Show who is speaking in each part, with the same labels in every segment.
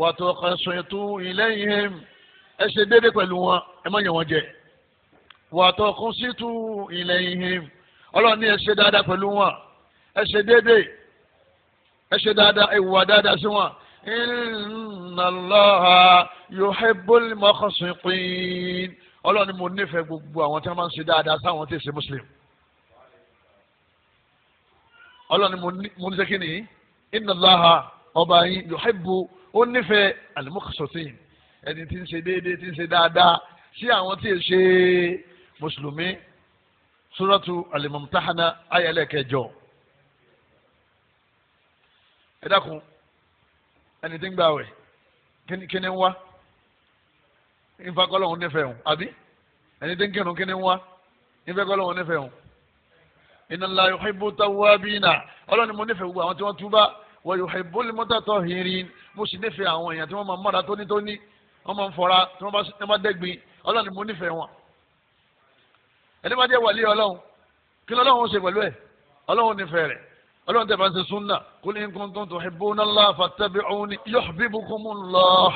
Speaker 1: wàtọ̀kọ̀sọ̀tù ilayhim ẹ ṣe déédéé pẹ̀lú wọn ẹ má yàn wọn jẹ wàtọ̀kọ̀sọ̀tù ilayhim ọlọ́run ní ẹ ṣe dáadáa pẹ̀lú wọn ẹ ṣe déédéé ẹ ṣe dáadáa ẹ wùwà dáadáa sí wọn. inna Allaha yuhibbul muqsitin ọlọ́run mo nífẹ̀ẹ́ gbogbo àwọn tí wọ́n máa ń ṣe dáadáa sáwọn tí ì ṣe muslim ọlọ́run mo ní ó nífẹ̀ẹ́ alimokosofin ẹni tí ń ṣe déédéé tí ń ṣe dáadáa sí àwọn tí ì ṣe mùsùlùmí suratu alimamtahana ayẹlẹ kẹjọ ẹ dákun ẹni tí ń gbà wẹ̀ kíni ń wá ìfakọlọ́hún nífẹ̀ẹ́ hùn àbí ẹni tí ń kírun kíni ń wá ìfakọlọ́hún nífẹ̀ẹ́ hùn inna Allah yuhibbu tawwabina ọlọ́ni mo nífẹ̀ẹ́ gbogbo àwọn tí wọ́n túbá wa yuhibbul mutatahhirin mo sì nífẹ̀ẹ́ àwọn èèyàn tí wọ́n máa mọ́ra tónítóní wọ́n máa ń fọra tí wọ́n bá dẹ́gbin ọlọ́run ni mo nífẹ̀ẹ́ wọn. ẹni bá jẹ́ wàlíì ọlọ́run kí lọ́lọ́run ó ṣe pẹ̀lú ẹ̀ ọlọ́run nífẹ̀ẹ́ rẹ̀ ọlọ́run tẹ̀ bá ń ṣe súnà qul in kuntum tuhibbuna Allah fattabi'uni yuhbibkumullah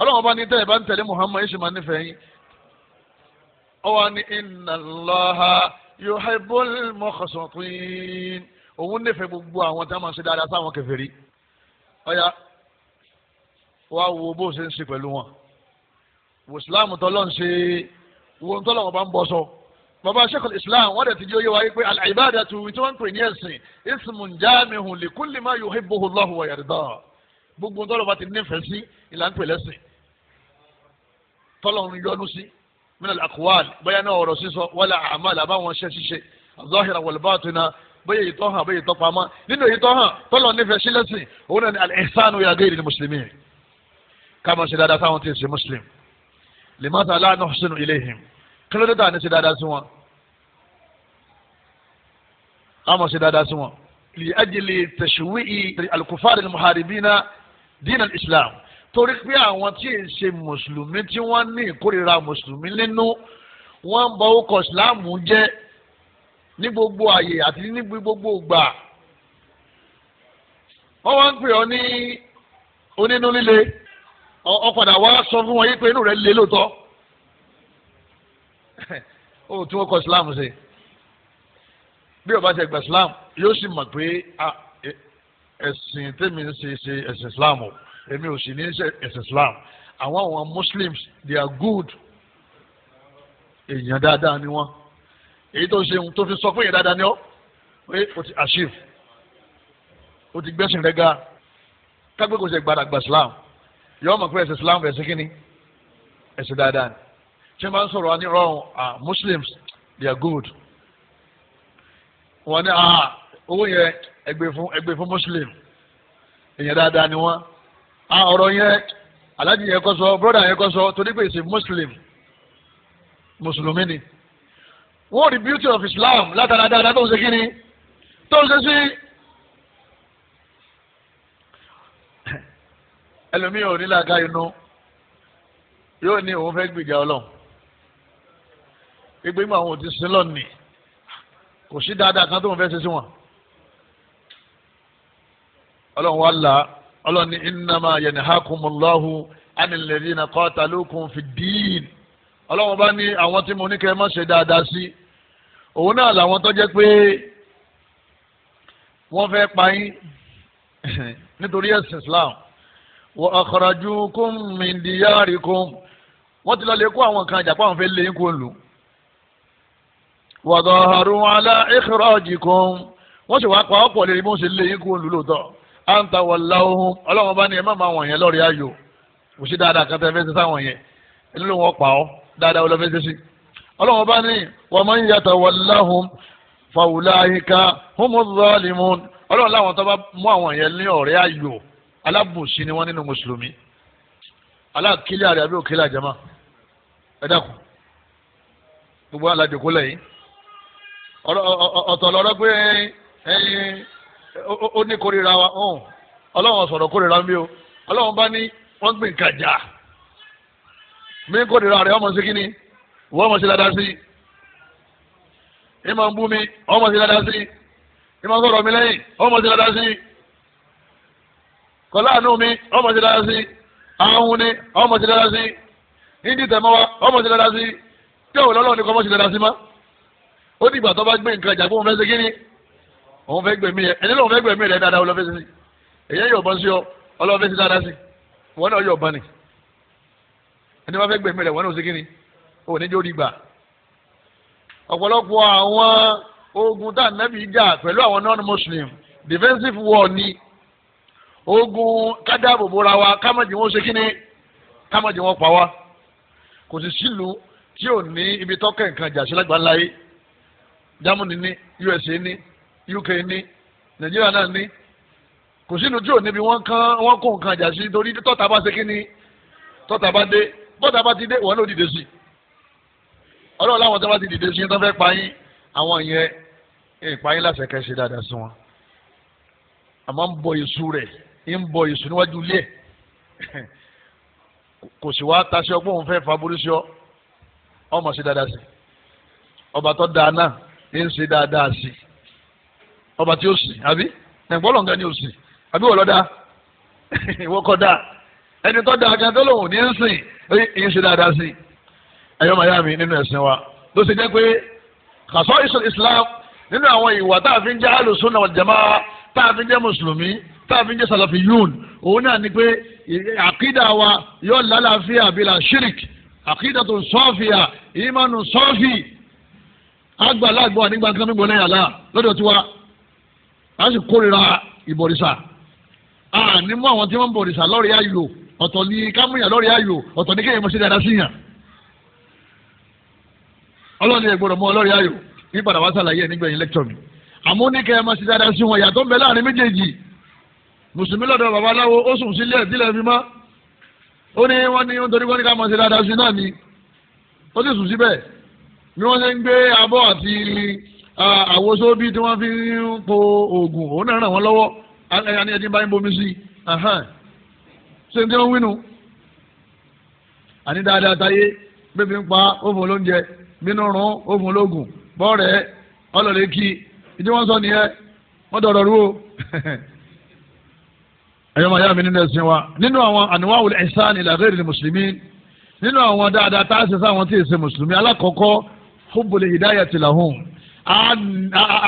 Speaker 1: ọlọ́run bá ní tẹ́ ẹ bá ń tẹ̀lé Muhammad yéṣu máa nífẹ̀ẹ́ yín. ó wà ní inna Allaha ń ṣe wá wo bó ṣe ń ṣe pẹ̀lú wọn wò islam tọ́lọ́ ń ṣe wo ń tọ́lọ́ wọn bá ń bọ́ sọ baba sheikh islam wọn dẹ̀ ti di oyé wa yìí pé al tí wọ́n pè ní ẹ̀sìn ismun jamihun li kulli ma yuhibbuhu Allahu wa yarda gbogbo tọ́lọ́ bá ti nífẹ̀ẹ́ sí ìlànà pè lẹ́sìn tọ́lọ́ ń yọnu sí minal aqwal bóyá náà ọ̀rọ̀ sísọ wala a'mal àbáwọn ṣe ṣiṣe az-zahira wal batina bóyá èyí tó hàn bóyá èyí tó pamọ́ nínú èyí tó hàn tọ́lọ́ nífẹ̀ẹ́ sí lẹ́sìn òun náà ni al ká máa ṣe dáadáa sáwọn tí ì ṣe muslim limata la nuhsinu ilayhim kí ló dé tà ní ṣe dáadáa sí wọn a máa ṣe dáadáa sí wọn li ajli tashwi'i al-kufar al-muharibina din al-islam torí pé àwọn tí ì ṣe mùsùlùmí tí wọ́n ní ìkórìíra mùsùlùmí nínú wọ́n bọ ọkọ̀ ìsìláàmù jẹ́ ní gbogbo àyè àti ní gbogbo ìgbà wọ́n wá ń pè ọ́ ní onínú líle ọ̀padà wá sọ fún wọn yí pé inú rẹ̀ lé lóòótọ́ ó tí wọ́n kọ Islam ṣe bí ọba ṣe gba Islam yóò sì mọ̀ pé e, ẹ̀sìn tèmi ń ṣe ṣe ẹ̀sìn Islam o èmi ò sì ní ṣe ẹ̀sìn Islam àwọn àwọn Muslims they are good èèyàn dáadáa ni wọ́n èyí tó ṣe tó fi sọ fún èèyàn dáadáa ni ọ́ pé o ti achieve o ti gbẹ́sìn rẹ̀ ga kágbé kò ṣe gbàdàgbà Islam yọọ mọ̀ pé ẹ̀sìn islam ẹ̀sìn kínní ẹ̀sìn dáadáa ni tí wọ́n bá ń sọ̀rọ̀ wa ní rọrùn ah muslims they are good wọ́n ní ah owó yẹn ẹgbẹ́ fún ẹgbẹ́ fún muslim èèyàn dáadáa ni wọ́n ah ọ̀rọ̀ yẹn aláàjì yẹn kọ́ sọ broda yẹn kọ́ sọ torí pé ẹ̀sìn muslim mùsùlùmí ni wọ́n rí beauty of islam látara dáadáa tó ń ṣe kínní tó ń ṣe sí. ẹlòmíì ò ní làákà inú yóò ní òun fẹ́ gbìjà ọlọ́run gbígbé mọ àwọn ò ti sin lọ́nìí kò sí dáadáa kan tó ń fẹ́ ṣe sí wọn. ọlọ́run wa la ọlọ́run ní innama yanhakumullahu anil ladhina qatalukum fid din ọlọ́run bá ní àwọn tí mo ní kẹ́ ẹ ṣe dáadáa sí òun náà làwọn tó jẹ́ pé wọ́n fẹ́ pa yín nítorí ẹ̀sìn Islam wa akhrajukum min diyarikum wọ́n ti lọ lè kó àwọn kan jà pàwọn fẹ́ lé yín kó lù wa daharu ala ikhrajikum wọ́n sì wáá pa ọ̀pọ̀ lè rí bí wọ́n ṣe lé yín kó lù lóòótọ́ à ń ta wọ̀lá ohun ọlọ́run bá ní ẹ má máa wọ̀nyẹn lọ́ọ̀rì ayò kò sí dáadáa kan tẹ́ fẹ́ ṣe sáwọn yẹn ẹni ló wọ́n pa ọ́ dáadáa olófẹ́ ṣe sí ọlọ́run bá ní wa man yatawallahum fa ulaika humu zalimun ọlọ́run láwọn tó bá mú àwọn yẹn ní ọ̀rẹ́ ayò alábòsí ni wọ́n nínú mùsùlùmí aláàkílẹ̀ àrẹ àbí òkèlè àjẹmọ́ ẹ dákun gbogbo aládìkú lẹ́yìn ọ̀tọ̀ lọ́rọ́ pé ó ní kórìíra wa ọ̀hún ọlọ́run sọ̀rọ̀ kórìíra mi o ọlọ́run bá ní wọ́n gbìn kàjà mi kórìíra rẹ̀ ọmọ sí kínní wọ́n mọ̀ sí dáadáa sí ìmọ̀ ń bú mi ọmọ sí dáadáa sí ìmọ̀ sọ̀rọ̀ mi lẹ́yìn ọmọ sí dáadáa sí kọláàánú mi ọmọ ti dára sí ahun ni ọmọ ti dára sí nídìí tẹ̀mọ́wá ọmọ ti dára sí tí òun lọ́lọ́ ni kọ́ ọmọ ti dára sí má. ó ní ìgbà tó bá gbé nǹkan ìjà fún òun fẹ́ ṣe kíni òun fẹ́ gbẹ̀mí ẹ ẹni lóun fẹ́ gbẹ̀mí rẹ dáadáa ọlọ́fẹ́ sí èyẹ yóò bọ́n sí ọ ọlọ́fẹ́ sí dáadáa sí wọn náà yóò bọ́n ni ẹni wọ́n fẹ́ gbẹ̀mí rẹ wọn náà ṣe kíni òun ní ogun kádàbò bora wa kámọ̀jì wọn ṣe kí ni kámọ̀jì wọn pa wá kò sì sílùú tí ò ní ibi tọ́kẹ̀ nǹkan jà sí lágbàńlá yìí Germany ní USA ní UK ní Nàìjíríà náà ní kò sínú tí ò níbi wọn kán wọn kó nǹkan jà sí torí tọ́ta bá ṣe kí ni tọ́ta bá dé tọ́ta bá ti dé wọn ló dìde sí ọlọ́run láwọn tó bá ti dìde sí tó fẹ́ pa àwọn yẹn ìpayín láṣẹ kẹsì dáadáa sí wọn àmọ́ ń bọ èṣù rẹ̀ ń bọ èṣù níwájú ilé ẹ̀ kò sì wá taṣẹ́ ọgbọ́n òun fẹ́ faburísọ́ ọmọ sí dáadáa sí ọba tó dáa náà ń ṣe dáadáa sí ọba tí ó sì àbí ẹ̀gbọ́n lọ́nà ni ó sì àbí wọ́n lọ́dá ìwọ́ kọ́ dáa ẹni tó dáa kan tó lòun ní ń sìn ń ṣe dáadáa sí ẹ̀yọ́ màyá mi nínú ẹ̀sìn wa ló ṣe jẹ́ pé kàṣọ́ Islam nínú àwọn ìwà tá a fi ń jẹ́ alùsùn náà jàmáà tá a fi ń jẹ́ mùsùlùmí táàfin jẹ́ salafiyun òun náà ni pé àkídà wa yóò lálàáfíà bila shirik àkídà tó sọ́ọ̀fìyà ìmánu sọ́ọ̀fì àgbàlagbọ̀ nígbà nǹkan mímọ́ lẹ́yìn àlá lọ́dọ̀ tiwa a sì kórira ìbọ̀rìṣà a ní mú àwọn tí wọ́n ń bọ̀rìṣà lórí ayò ọ̀tọ̀ ní kámúyà lórí ayò ọ̀tọ̀ ní kéèyàn mọ̀ sí dáadáa síyàn ọlọ́ọ̀ni ẹ̀gbọ́dọ̀ mọ́ lórí ayò ní padà wá sàlàyé ẹ̀ nígbẹ̀yìn lẹ́kítọ̀ mi àmọ́ ní kẹ́ ẹ máa yàtọ̀ ń bẹ láàrin méjèèjì mùsùlùmí lọ́dọ̀ babaláwo ó sùn sílé ẹ̀ tílẹ̀ fi mọ́ ó ní wọ́n ní nítorí wọ́n ní ká mọ̀ sí dáadáa sí náà ni ó sì sùn síbẹ̀ ni wọ́n ṣe ń gbé abọ́ àti àwòsó bí tí wọ́n fi ń po oògùn òun náà ràn wọ́n lọ́wọ́ ẹ̀yà ni ẹ̀dín bá ń bomi sí ṣé ní wọ́n wínú àní dáadáa táyé bébí ń pa òfun lóúnjẹ bínú rún òfun lóògùn bọ́ọ̀rẹ́ ọlọ́lẹ́kì ìdí wọ́n sọ nìyẹn wọ́n dọ̀rọ̀ rú o ẹ̀yọ́ máa yá mi nínú ẹ̀sìn wa nínú àwọn àníwáwò ẹ̀sán ila ghairi mùsùlùmí nínú àwọn dáadáa tá a ṣe sáwọn tí ì ṣe mùsùlùmí alákọ̀ọ́kọ́ hubbul hidayati lahum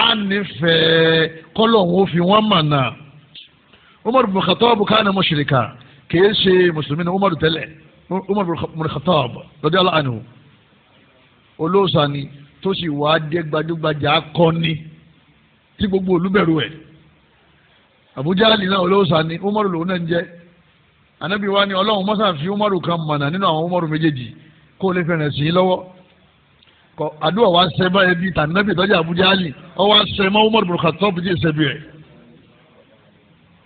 Speaker 1: á nífẹ̀ẹ́ kọ́lọ̀hún ó fi wọ́n mọ̀nà Umar bin Khattab kana mushrika kìí ṣe mùsùlùmí ní Umar tẹ́lẹ̀ Umar bin Khattab radiyallahu anhu olóòsàn ni tó sì wá dé gbajúgbajà akọni tí gbogbo olúbẹ̀rù ẹ̀ àbújá nínú olóòsà ni umaru lòun náà ń jẹ anabi wa ni ọlọ́run mọ́sá fi umaru kan mọ̀nà nínú àwọn umaru méjèèjì kó lè fẹ̀rẹ̀ sí i lọ́wọ́ kọ àdúrà wa ṣe bá ẹbí tànàbì tọ́jú àbújá ni ọ wa ṣe mọ́ umaru bùrùkà tó bìjì ṣẹbi rẹ̀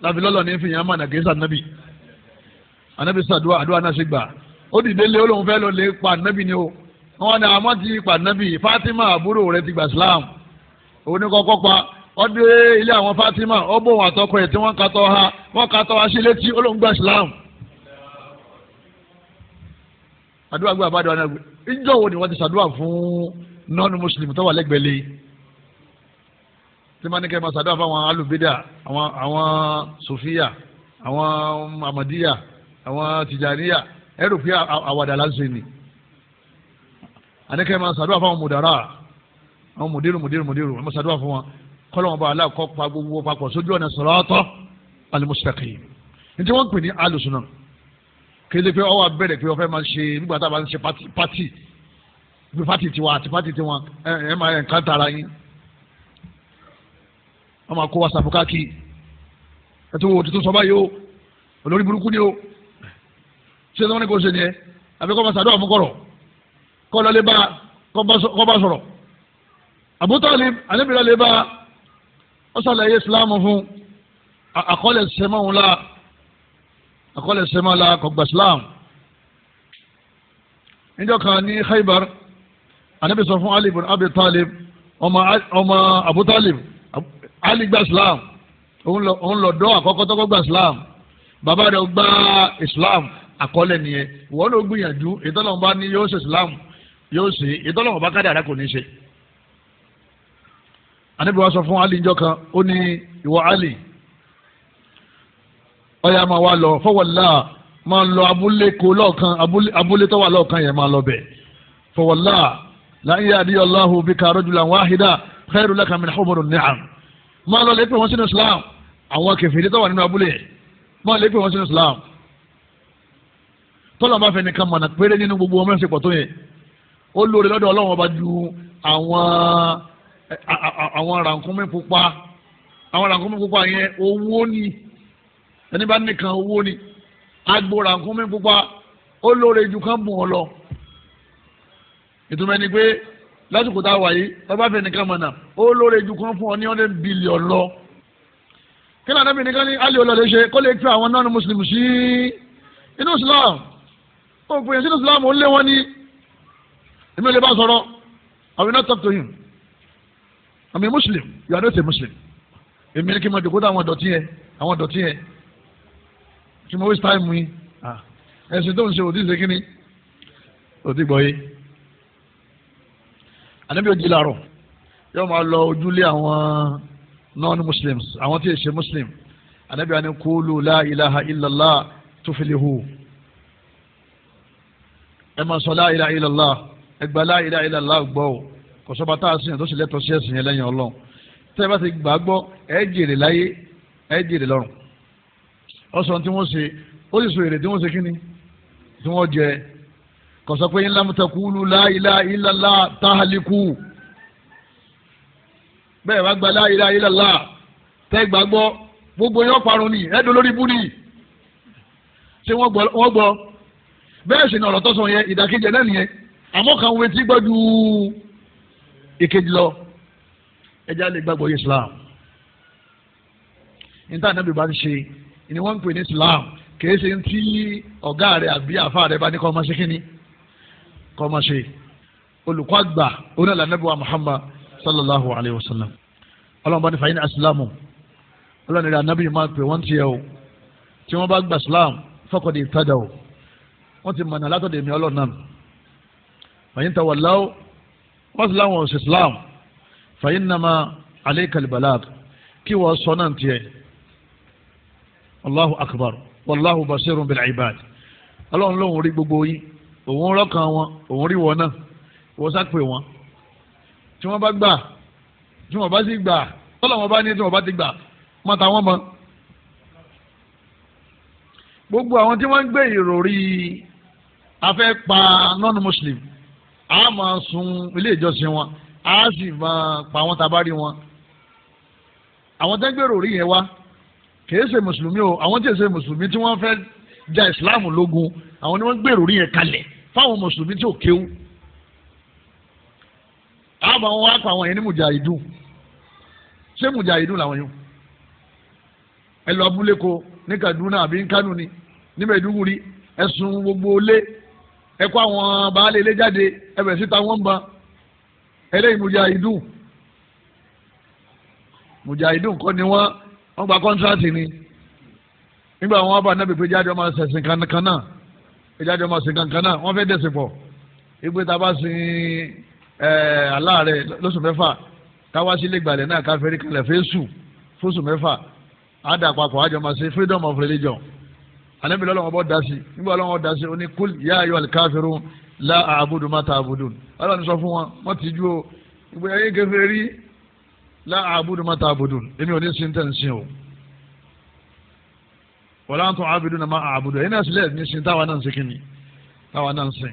Speaker 1: láfi lọ́lọ́ ní fìyàn mọ̀nà kì í sànàbì anabi sàdúrà àdúrà náà ṣe gbà ó dìde lé olóhùn fẹ́ lọ lè pa anabi ni o wọn ni àmọ́ ti pa anabi Fatima àbúrò rẹ̀ ti gbà Islam òun ni kọ́kọ́ pa Ọ dé ilé àwọn Fatima ó bò wọn àtọkọ ẹ̀ tí wọ́n katọ́ ha wọ́n katọ́ ha sí létí olóńgbà Islam. àdúrà gbé àbádọ́ gbé ìjọ wo ni wọ́n ti fún non-muslim tó wà tí wọ́n fún àwọn alùbídà àwọn sofiya amadiya àwọn tijaniya pé àwàdà ni máa fún àwọn mùdàrà àwọn mùdírù mùdírù mùdírù máa fún wọn. kọ́lọ́mọba aláàkọ́ pa gbogbo papọ̀ sójú ọ̀nà sirata al-mustaqim nítí wọ́n ń pè ní alùsùnà kéde pé ọwọ́ abẹ́rẹ́ pé ọ̀fẹ́ máa ń ṣe nígbà tá a bá ń ṣe pátì bí pátì tiwa àti pátì tiwọn ẹ ẹ máa ẹ̀ ń kántà ara yín wọ́n máa kó wàsàpù káàkiri ẹtú wo tuntun sọ báyìí o olórí burúkú ni o ṣé sọ́wọ́n ní kò ṣe ni ẹ àbí kọ́ máa ṣàdúrà fún kọ́ lọ lé bá kọ́ bá sọ̀rọ̀ àbútọ́ àlebìrẹ́ lé bá wọ́n ṣàlàyé islam fún àkọọ́lẹ̀ sẹ́mọ́ wọn la àkọọ́lẹ̀ sẹ́mọ́ la kò gba islam níjọ́ kan ní khaybar anabi sọ fún ali ibn abi talib ọmọ abu talib ali gba islam òun lọ dọ́ àkọ́kọ́ tó kọ́ gba islam bàbá rẹ̀ gba islam àkọọ́lẹ̀ nìyẹn ìwọ́n ló gbìyànjú ìtọ́lọ́mọba ní yóò ṣe islam yóò ṣe ìtọ́lọ́mọba kádàrá kò ní ṣe anabi wa sọ fún ali njọ kan ó ní ìwọ ali ọyà máa wá lọ fọwọlá máa lọ abúlé kó lọọkan abúlé tó wà lọọkan yẹn máa lọ bẹ fọwọlá láyé adéyọ aláhu bí karajulan wáhídà khairu laka min humuri ni'am máa lọ lépè wọn sínú islam àwọn kẹfìrí tó wà nínú abúlé máa lépè wọn sínú islam tọ́lá bá fẹ́ nìkan mọ̀nà péré nínú gbogbo ọmọ ẹ̀sìn pọ̀ tó yẹ ó lóore lọ́dọ̀ ọlọ́run ọba ju àwọn àwọn rànkúnmí pupa àwọn rànkúnmí pupa yẹn owó ni ẹni bá nìkan owó ni agbo rànkúnmí pupa ó lóore ju kan bùn ọ lọ ìtumọ̀ ẹni pé lásìkò tá a wà yìí bàbá fẹ́ nìkan mọ̀ náà ó lóore ju kan fún ọ ní ọ̀dẹ́ bílíọ̀n lọ kí ni àdébìnrin kan ní alẹ́ olóòlù ṣe kó lè fi àwọn nọ́ọ̀nù mùsùlùmí sí inú islam òpin sínú islam ó lé wọn ní èmi ò lè bá sọ̀rọ̀ I will not talk to him. I'm a Muslim. You are not a Muslim. Èmi ní kí n máa jòkó táwọn ọ̀dọ̀tí yẹn àwọn ọ̀dọ̀tí yẹn kí n máa waste time mi. Ah. Ẹ̀sìn tó ń ṣe òdì ṣe kí ni? Òdì gbọ́ yé. Ànábì òjì làárọ̀ yóò máa lọ ojúlé àwọn non-Muslims àwọn tí ì ṣe Muslim. Ànábì wa ni kúlù la ilaha illallah tufilihu. Ẹ máa sọ la ilaha illallah ẹgbàá la ilaha illallah gbọ́ o kò sọ́ba tá a sìn tó sì lẹ́tọ̀ọ́ sí ẹ̀sìn yẹn lẹ́yìn ọlọ́run tẹ́ ẹ bá ti gbà á gbọ́ ẹ jèrè láyé ẹ jèrè lọ́run ọ sọ tí wọ́n ṣe ó sì sọ èrè tí wọ́n ṣe kíni tí wọ́n jẹ kò sọ pé ńlá mutakulu láìlá ìlàlá táhàlíkù bẹ́ẹ̀ bá gba láìlá ìlàlá tẹ́ gbà gbọ́ gbogbo yẹn parun ni ẹ̀dùn lórí bú ni ṣé wọ́n gbọ́ bẹ́ẹ̀ sì ni ọ̀rọ̀ tó sọ ìdàkejì ẹ̀ lẹ́nu yẹn àmọ́ kan wo etí gbọ́dúú ìkejì lọ ẹja lè gbàgbọ́ islam níta nàbì bá ń ṣe ni wọ́n ń pè ní islam kìí ṣe ń tí ọ̀gá rẹ̀ àbí àfa rẹ̀ bá ní kọ́ ọmọ ṣe kínní kọ́ ọmọ ṣe olùkọ́ àgbà onílà nàbì wa muhammad sallallahu alayhi wa sallam ọlọ́run bá ní fàyín asilamu ọlọ́run rẹ̀ ànábì máa pè wọ́n ti yẹ o tí wọ́n bá gba islam fọkàndínlẹ́tàdà o wọ́n ti mọ̀nà látọ̀dẹ̀ mi ọlọ́run náà fàyín tawàláwò wọ́n sì láwọn ọ̀sẹ̀ islam fàyín nàmà alayka albalag kí wọ́n sọ náà tiẹ̀ allahu akbar wallahu basirun bil ibad ọlọ́run lóun rí gbogbo yín òun rọ́kàn wọn òun rí wọn náà wọ́n sápè wọn tí wọ́n bá gbà tí wọ́n bá sì gbà tọ́lọ̀ wọn bá ní tí wọ́n bá ti gbà má ta wọ́n mọ́. gbogbo àwọn tí wọ́n ń gbé ìròrí afẹ́ pa non-muslim a máa sun ilé ìjọsìn wọn a sì máa pa wọn tabari wọn àwọn tẹ́gbẹ̀rò rí yẹn wá kìí ṣe mùsùlùmí o àwọn tí ì ṣe mùsùlùmí tí wọ́n fẹ́ ja ìsìláàmù lógun àwọn ni wọ́n gbèrò rí yẹn kalẹ̀ fáwọn mùsùlùmí tí ò kéwú àbá wọn wá pa àwọn yẹn ní mùjàhídùn ṣé mùjàhídùn làwọn yẹn ẹ lọ abúlé ko ní Kaduna àbí Kánò ni ní Maiduguri ẹ̀sùn gbogbo lé ẹ kó àwọn baálé ilé jáde ẹ bẹ̀rẹ̀ síta wọ́n ń ba eléyìí mujahidun mujahidun kọ́ ni wọ́n wọ́n gba kọ́ńtíráàtì ni nígbà wọn bá nábì pé jáde ọmọ sẹ̀sìn kankan náà pé jáde ọmọ sẹ̀sìn kankan náà wọ́n fẹ́ dẹ̀sìn pọ̀ ìgbé ta bá sin aláàrẹ lóṣù mẹ́fà káwá sílé ìgbàlẹ̀ náà káfẹ́rí kalẹ̀ fẹ́ẹ́ sù fóṣù mẹ́fà á dà papọ̀ àjọmọ̀ sí freedom of religion anabi lọ́lọ́wọ́ bọ́ dasi nígbà lọ́wọ́ dasi ó ní kúl yá ayọ́ alikafirun la àbùdù má ta àbùdù ọlọ́ni sọ fún wọn wọ́n ti ju o ìgbà yẹn kẹfẹ́ rí la àbùdù má ta àbùdù èmi ò ní sin tẹ̀ ń sin o wọ́n láǹtọ̀ àbùdù náà má àbùdù ẹ̀yin náà sílẹ̀ ní sin táwa náà ń sin kínní táwa náà ń sin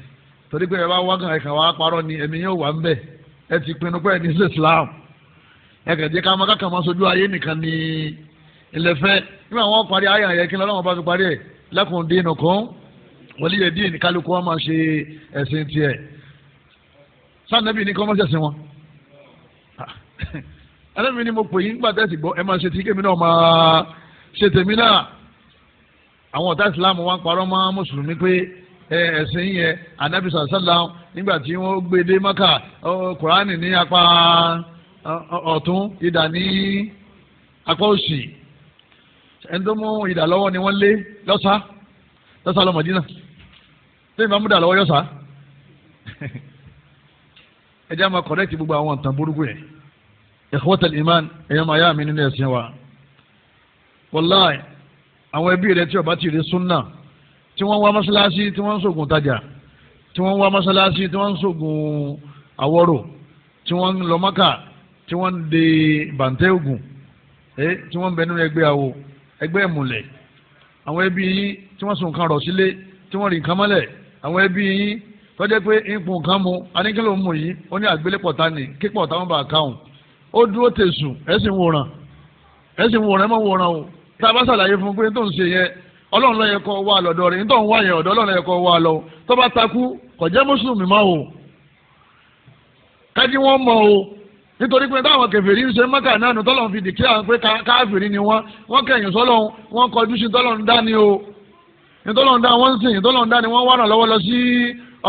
Speaker 1: torí pé ẹ bá wákàn ẹ̀ka wàá parọ́ ni ẹ̀mí yóò wà ń bẹ̀ ẹ ti pinnu pé ẹni sí Islam ẹ kẹ̀jẹ́ ká máa kákà máa sojú ayé nìkan ni ilẹ̀ fẹ́ nígbà wọn parí ayé àyẹ̀kí lọ́wọ́ bá fi parí ẹ̀ lakum dinukum waliya din kálukú wọn máa ṣe ẹ̀sìn tiẹ̀ sanabi ní kọ́ máa ṣẹ̀sìn wọn ẹlẹ́mi ah, ni mo pè yín nígbà tẹ́sí gbọ́ ẹ máa ṣe ti kémi náà máa ṣe tèmi náà àwọn ọ̀tá ìsìláàmù wa ń parọ́ mọ́ mùsùlùmí pé ẹ̀sìn yẹn anabi sàlá nígbà tí wọ́n gbé dé maka kùránì ní apá ọ̀tún ìdá ní apá òsì ẹni tó mú ìdà ni wọ́n lé lọ́sà lọ́sà lọ Mọ̀dínà tẹ́yìn bá mú ìdà lọ́wọ́ yọ̀sà ẹ jẹ́ àmọ́ kọ̀rẹ́tì gbogbo àwọn nǹkan burúkú yẹn ikhwatal iman ẹ̀yàn máa mi nínú ẹ̀sìn wa wàláì àwọn ẹbí rẹ tí ó bá ti rí súnà tí wọ́n wá mọ́ṣáláṣí tí wọ́n ń sògùn tajà tí wọ́n wá mọ́ṣáláṣí tí wọ́n ń sògùn àwọ̀rò tí wọ́n ń lọ mọ́kà tí wọ́n ń de bàǹtẹ́ ògùn eh, tí wọ́n ń bẹ nínú ẹgbẹ́ àwọ̀ ẹgbẹ́ ìmùlẹ̀ àwọn ẹbí yín tí wọ́n sùn nǹkan rọ̀ sílé tí wọ́n rí nǹkan mọ́lẹ̀ àwọn ẹbí yín tọ́jẹ́ pé ipò nǹkan mu aníkìlò mu yìí ó ní àgbélépọ̀ ta ni kíkọ̀ táwọn bá káwọn ó dúró tẹ̀sùn ẹ̀sìn wòran ẹ̀sìn wòran ẹ̀ mọ̀ wòran o tá a bá ṣàlàyé fún un pé tó ṣe yẹn ọlọ́run ló yẹ kó wá rẹ̀ nítorí ọlọ́run yẹ lọ bá takú o kájí wọ́n o nítorí pé táwọn kèfèrí ń ṣe mọ́kà náà ní tọ́lọ́run fi dìkí àwọn pé káfìrí ni wọ́n wọ́n kẹ̀yìn sọ́lọ́run wọ́n kọjú sí tọ́lọ́run dá ni o ní dá wọ́n sìn tọ́lọ́run dá ni wọ́n wà lọ́wọ́ lọ sí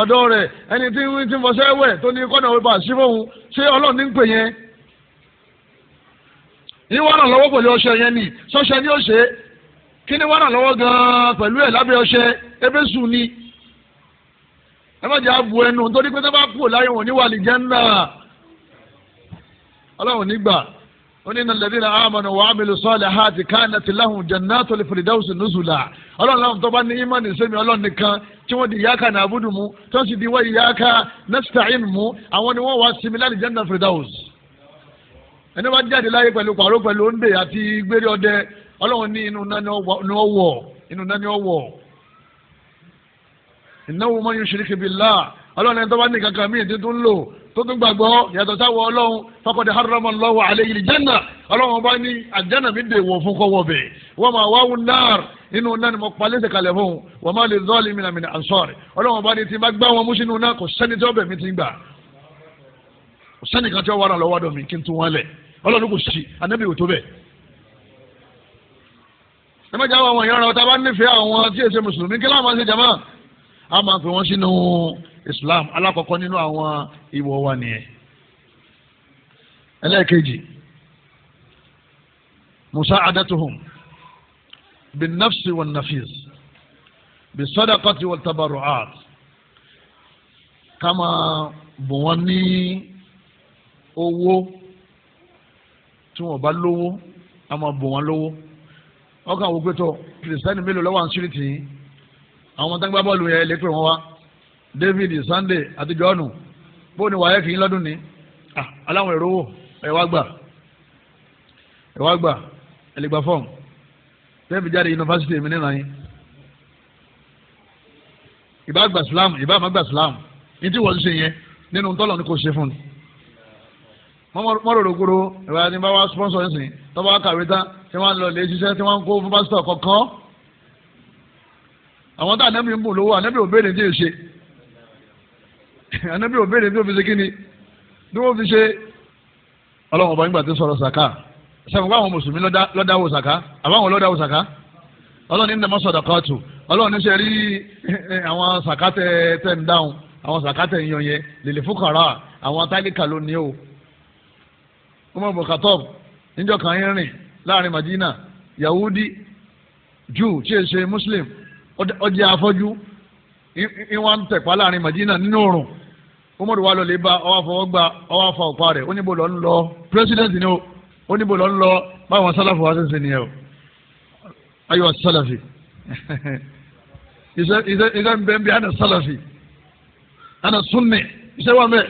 Speaker 1: ọ̀dọ̀ rẹ̀ ẹni tí wọ́n ti fọṣẹ́ wẹ̀ tó ní kọ́nà òwe sí fóun ṣé ọlọ́run ń pè yẹn
Speaker 2: ní wà lọ́wọ́ pẹ̀lú ọṣẹ yẹn
Speaker 1: ni sọ́ṣẹ ni ó kí ni wà lọ́wọ́ gan-an pẹ̀lú ẹ̀ lábẹ́ ọṣẹ ebésù ni ẹ má jẹ́ àbù ẹnu torí pé tó bá kú láyé wọn níwà lìjẹ́ náà ọlọ́run nígbà ó ní nàlẹ́dínlá àmọ́nà wàá mi lè sọ ọ́ lẹ́hà àti káàná ti láhùn jẹ̀nà tó lè fèrè dáhùn sí nùsùlà ọlọ́run láwọn tó bá ní ìmánì sẹ́mi ọlọ́run nìkan tí wọ́n di ìyáka ní abudu mu tó sì di wá ìyáka nẹ́sítàín mu àwọn ni wọ́n wá sinmi láti jẹ́nà fèrè dáhùn. ẹni bá jáde láyé pẹ̀lú pàrọ̀ pẹ̀lú oúnjẹ àti gbére ọdẹ ọlọ́run ní inú tó tún gbàgbọ́ yàtọ̀ sáwọ ọlọ́run faqad harrama Allahu alayhi al-janna ọlọ́run bá ní àjẹ́nà mi dè wọ̀ fún kọ́wọ́ bẹ̀ wọ́n máa wá wún náà nínú náà ni mo palẹ́ ṣe kalẹ̀ fún un wọ́n máa lè zọ́ọ̀lì mi nàmì ansọ́ọ̀rì ọlọ́run bá ní ti má gbá wọn mú sínú náà kò sẹ́ni tí ọbẹ̀ mi ti gbà kò sẹ́ni kan tí wọ́n wà ràn lọ́wọ́ dọ̀mí kí n tún wọn lẹ̀ ọlọ́run kò a máa fi wọ́n sínú Islam alákọ̀ọ́kọ́ nínú àwọn ìwọ̀ wa nìyẹn ẹlẹ́ẹ̀kejì musa'adatuhum bin nafsi wan nafis bin sadaqati wal tabarru'at kama bùn wọn ní owó tí wọn bá lówó a máa bùn wọn lówó ọkàn wò kìrìsìtẹ́nì mélòó lọ́wọ́ à ń àwọn tó ń gbá bọ́ọ̀lù yẹn lè pè wọ́n wá David Sunday àti John bóun ni wàhálà kìí lọ́dún ni aláwọn èrò wò ẹ wá gbà ẹ wá gbà ẹ lè gba fọ́ọ̀mù tẹ́ẹ̀fì jáde yunifásitì èmi nínú yín ìbá gba Islam ìbá àmà gba Islam ní tí wọ́n ń ṣe yẹn nínú tọ́lọ̀ ni kò ṣe fún un mọ́rọ̀rọ̀ kúrò ìbá bá wá sponsor ń sìn tọ́ba kàwé tán tí wọ́n lọ lè ṣiṣẹ́ tí wọ́n ń kó fún pásítọ̀ kọ̀ọ̀kan àwọn tá ànábì ń bù lówó ànábì ò béèrè tí ì ṣe ànábì ò béèrè tí ò fi ṣe kí ni bí wọ́n fi ṣe ọlọ́run ọba nígbà tí sọ̀rọ̀ sàká sẹ́fún káwọn mùsùlùmí lọ́dáwó sàká àbáwọn lọ́dáwó sàká ọlọ́run ní nàmọ́ sọ̀dọ̀ kọ́ọ̀tù ọlọ́run ní ṣe rí eh, eh, àwọn sàká tẹ tẹ ń dáhùn àwọn sàká tẹ ń yan yẹn lèlè fúkàrà àwọn tálíkà ló ní o ọmọ bukatov níjọ kan yín rìn láàrin madina yahudi jew tí è ṣe muslim ọjẹ́ afọ́jú ìwọ̀n ń tẹ̀pá láàrin Madina nínú òrùn Umaru wa lọlẹ́ bá ọwọ́ afọwọ́gba ọwọ́ afọ ọ̀pá oníbo lọ ń lọ president ni o oníbo lọ ń lọ báwọn sálàfù wa ṣẹ̀ṣẹ̀ nìyẹn o ayọ̀ sálàfì iṣẹ́ iṣẹ́ iṣẹ́ ń bẹ́ẹ̀ ana sálàfì ana sunni iṣẹ́ wa mẹ́ẹ̀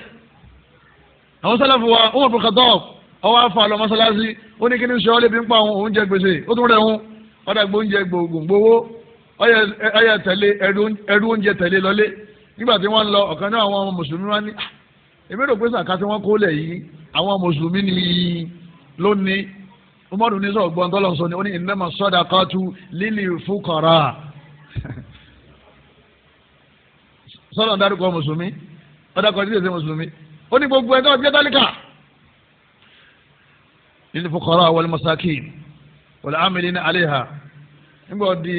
Speaker 1: àwọn sálàfù wa Umar bin Khattab ọwọ́ afọ àlọ́ mọ́sálásí ó ní kí ni sọ́ọ́ lébi ń pa òun oúnjẹ gbèsè ó tún rẹ̀ ń ọ̀dà gbóúnjẹ gbòǹgbòwó ọyẹ tẹ̀lé ẹrú oúnjẹ tẹ̀lé lọlé nígbà tí wọ́n lọ ọ̀kan náà àwọn mùsùlùmí wá ní ah, èmi rò pé sàkà tí wọ́n kó lẹ̀ yìí àwọn mùsùlùmí ni lónìí umaru ní sọ̀rọ̀ gbọ́n tọ́lọ̀ sọ ni ó ní innama sadaqatu lil fuqara sọ́dọ̀ ń dárúkọ mùsùlùmí ọ̀dà kan sídèsè mùsùlùmí ó ní gbogbo ẹ̀ náà jẹ́ tálíkà lil fuqara wal masakin wal amilina alayha nígbà ó di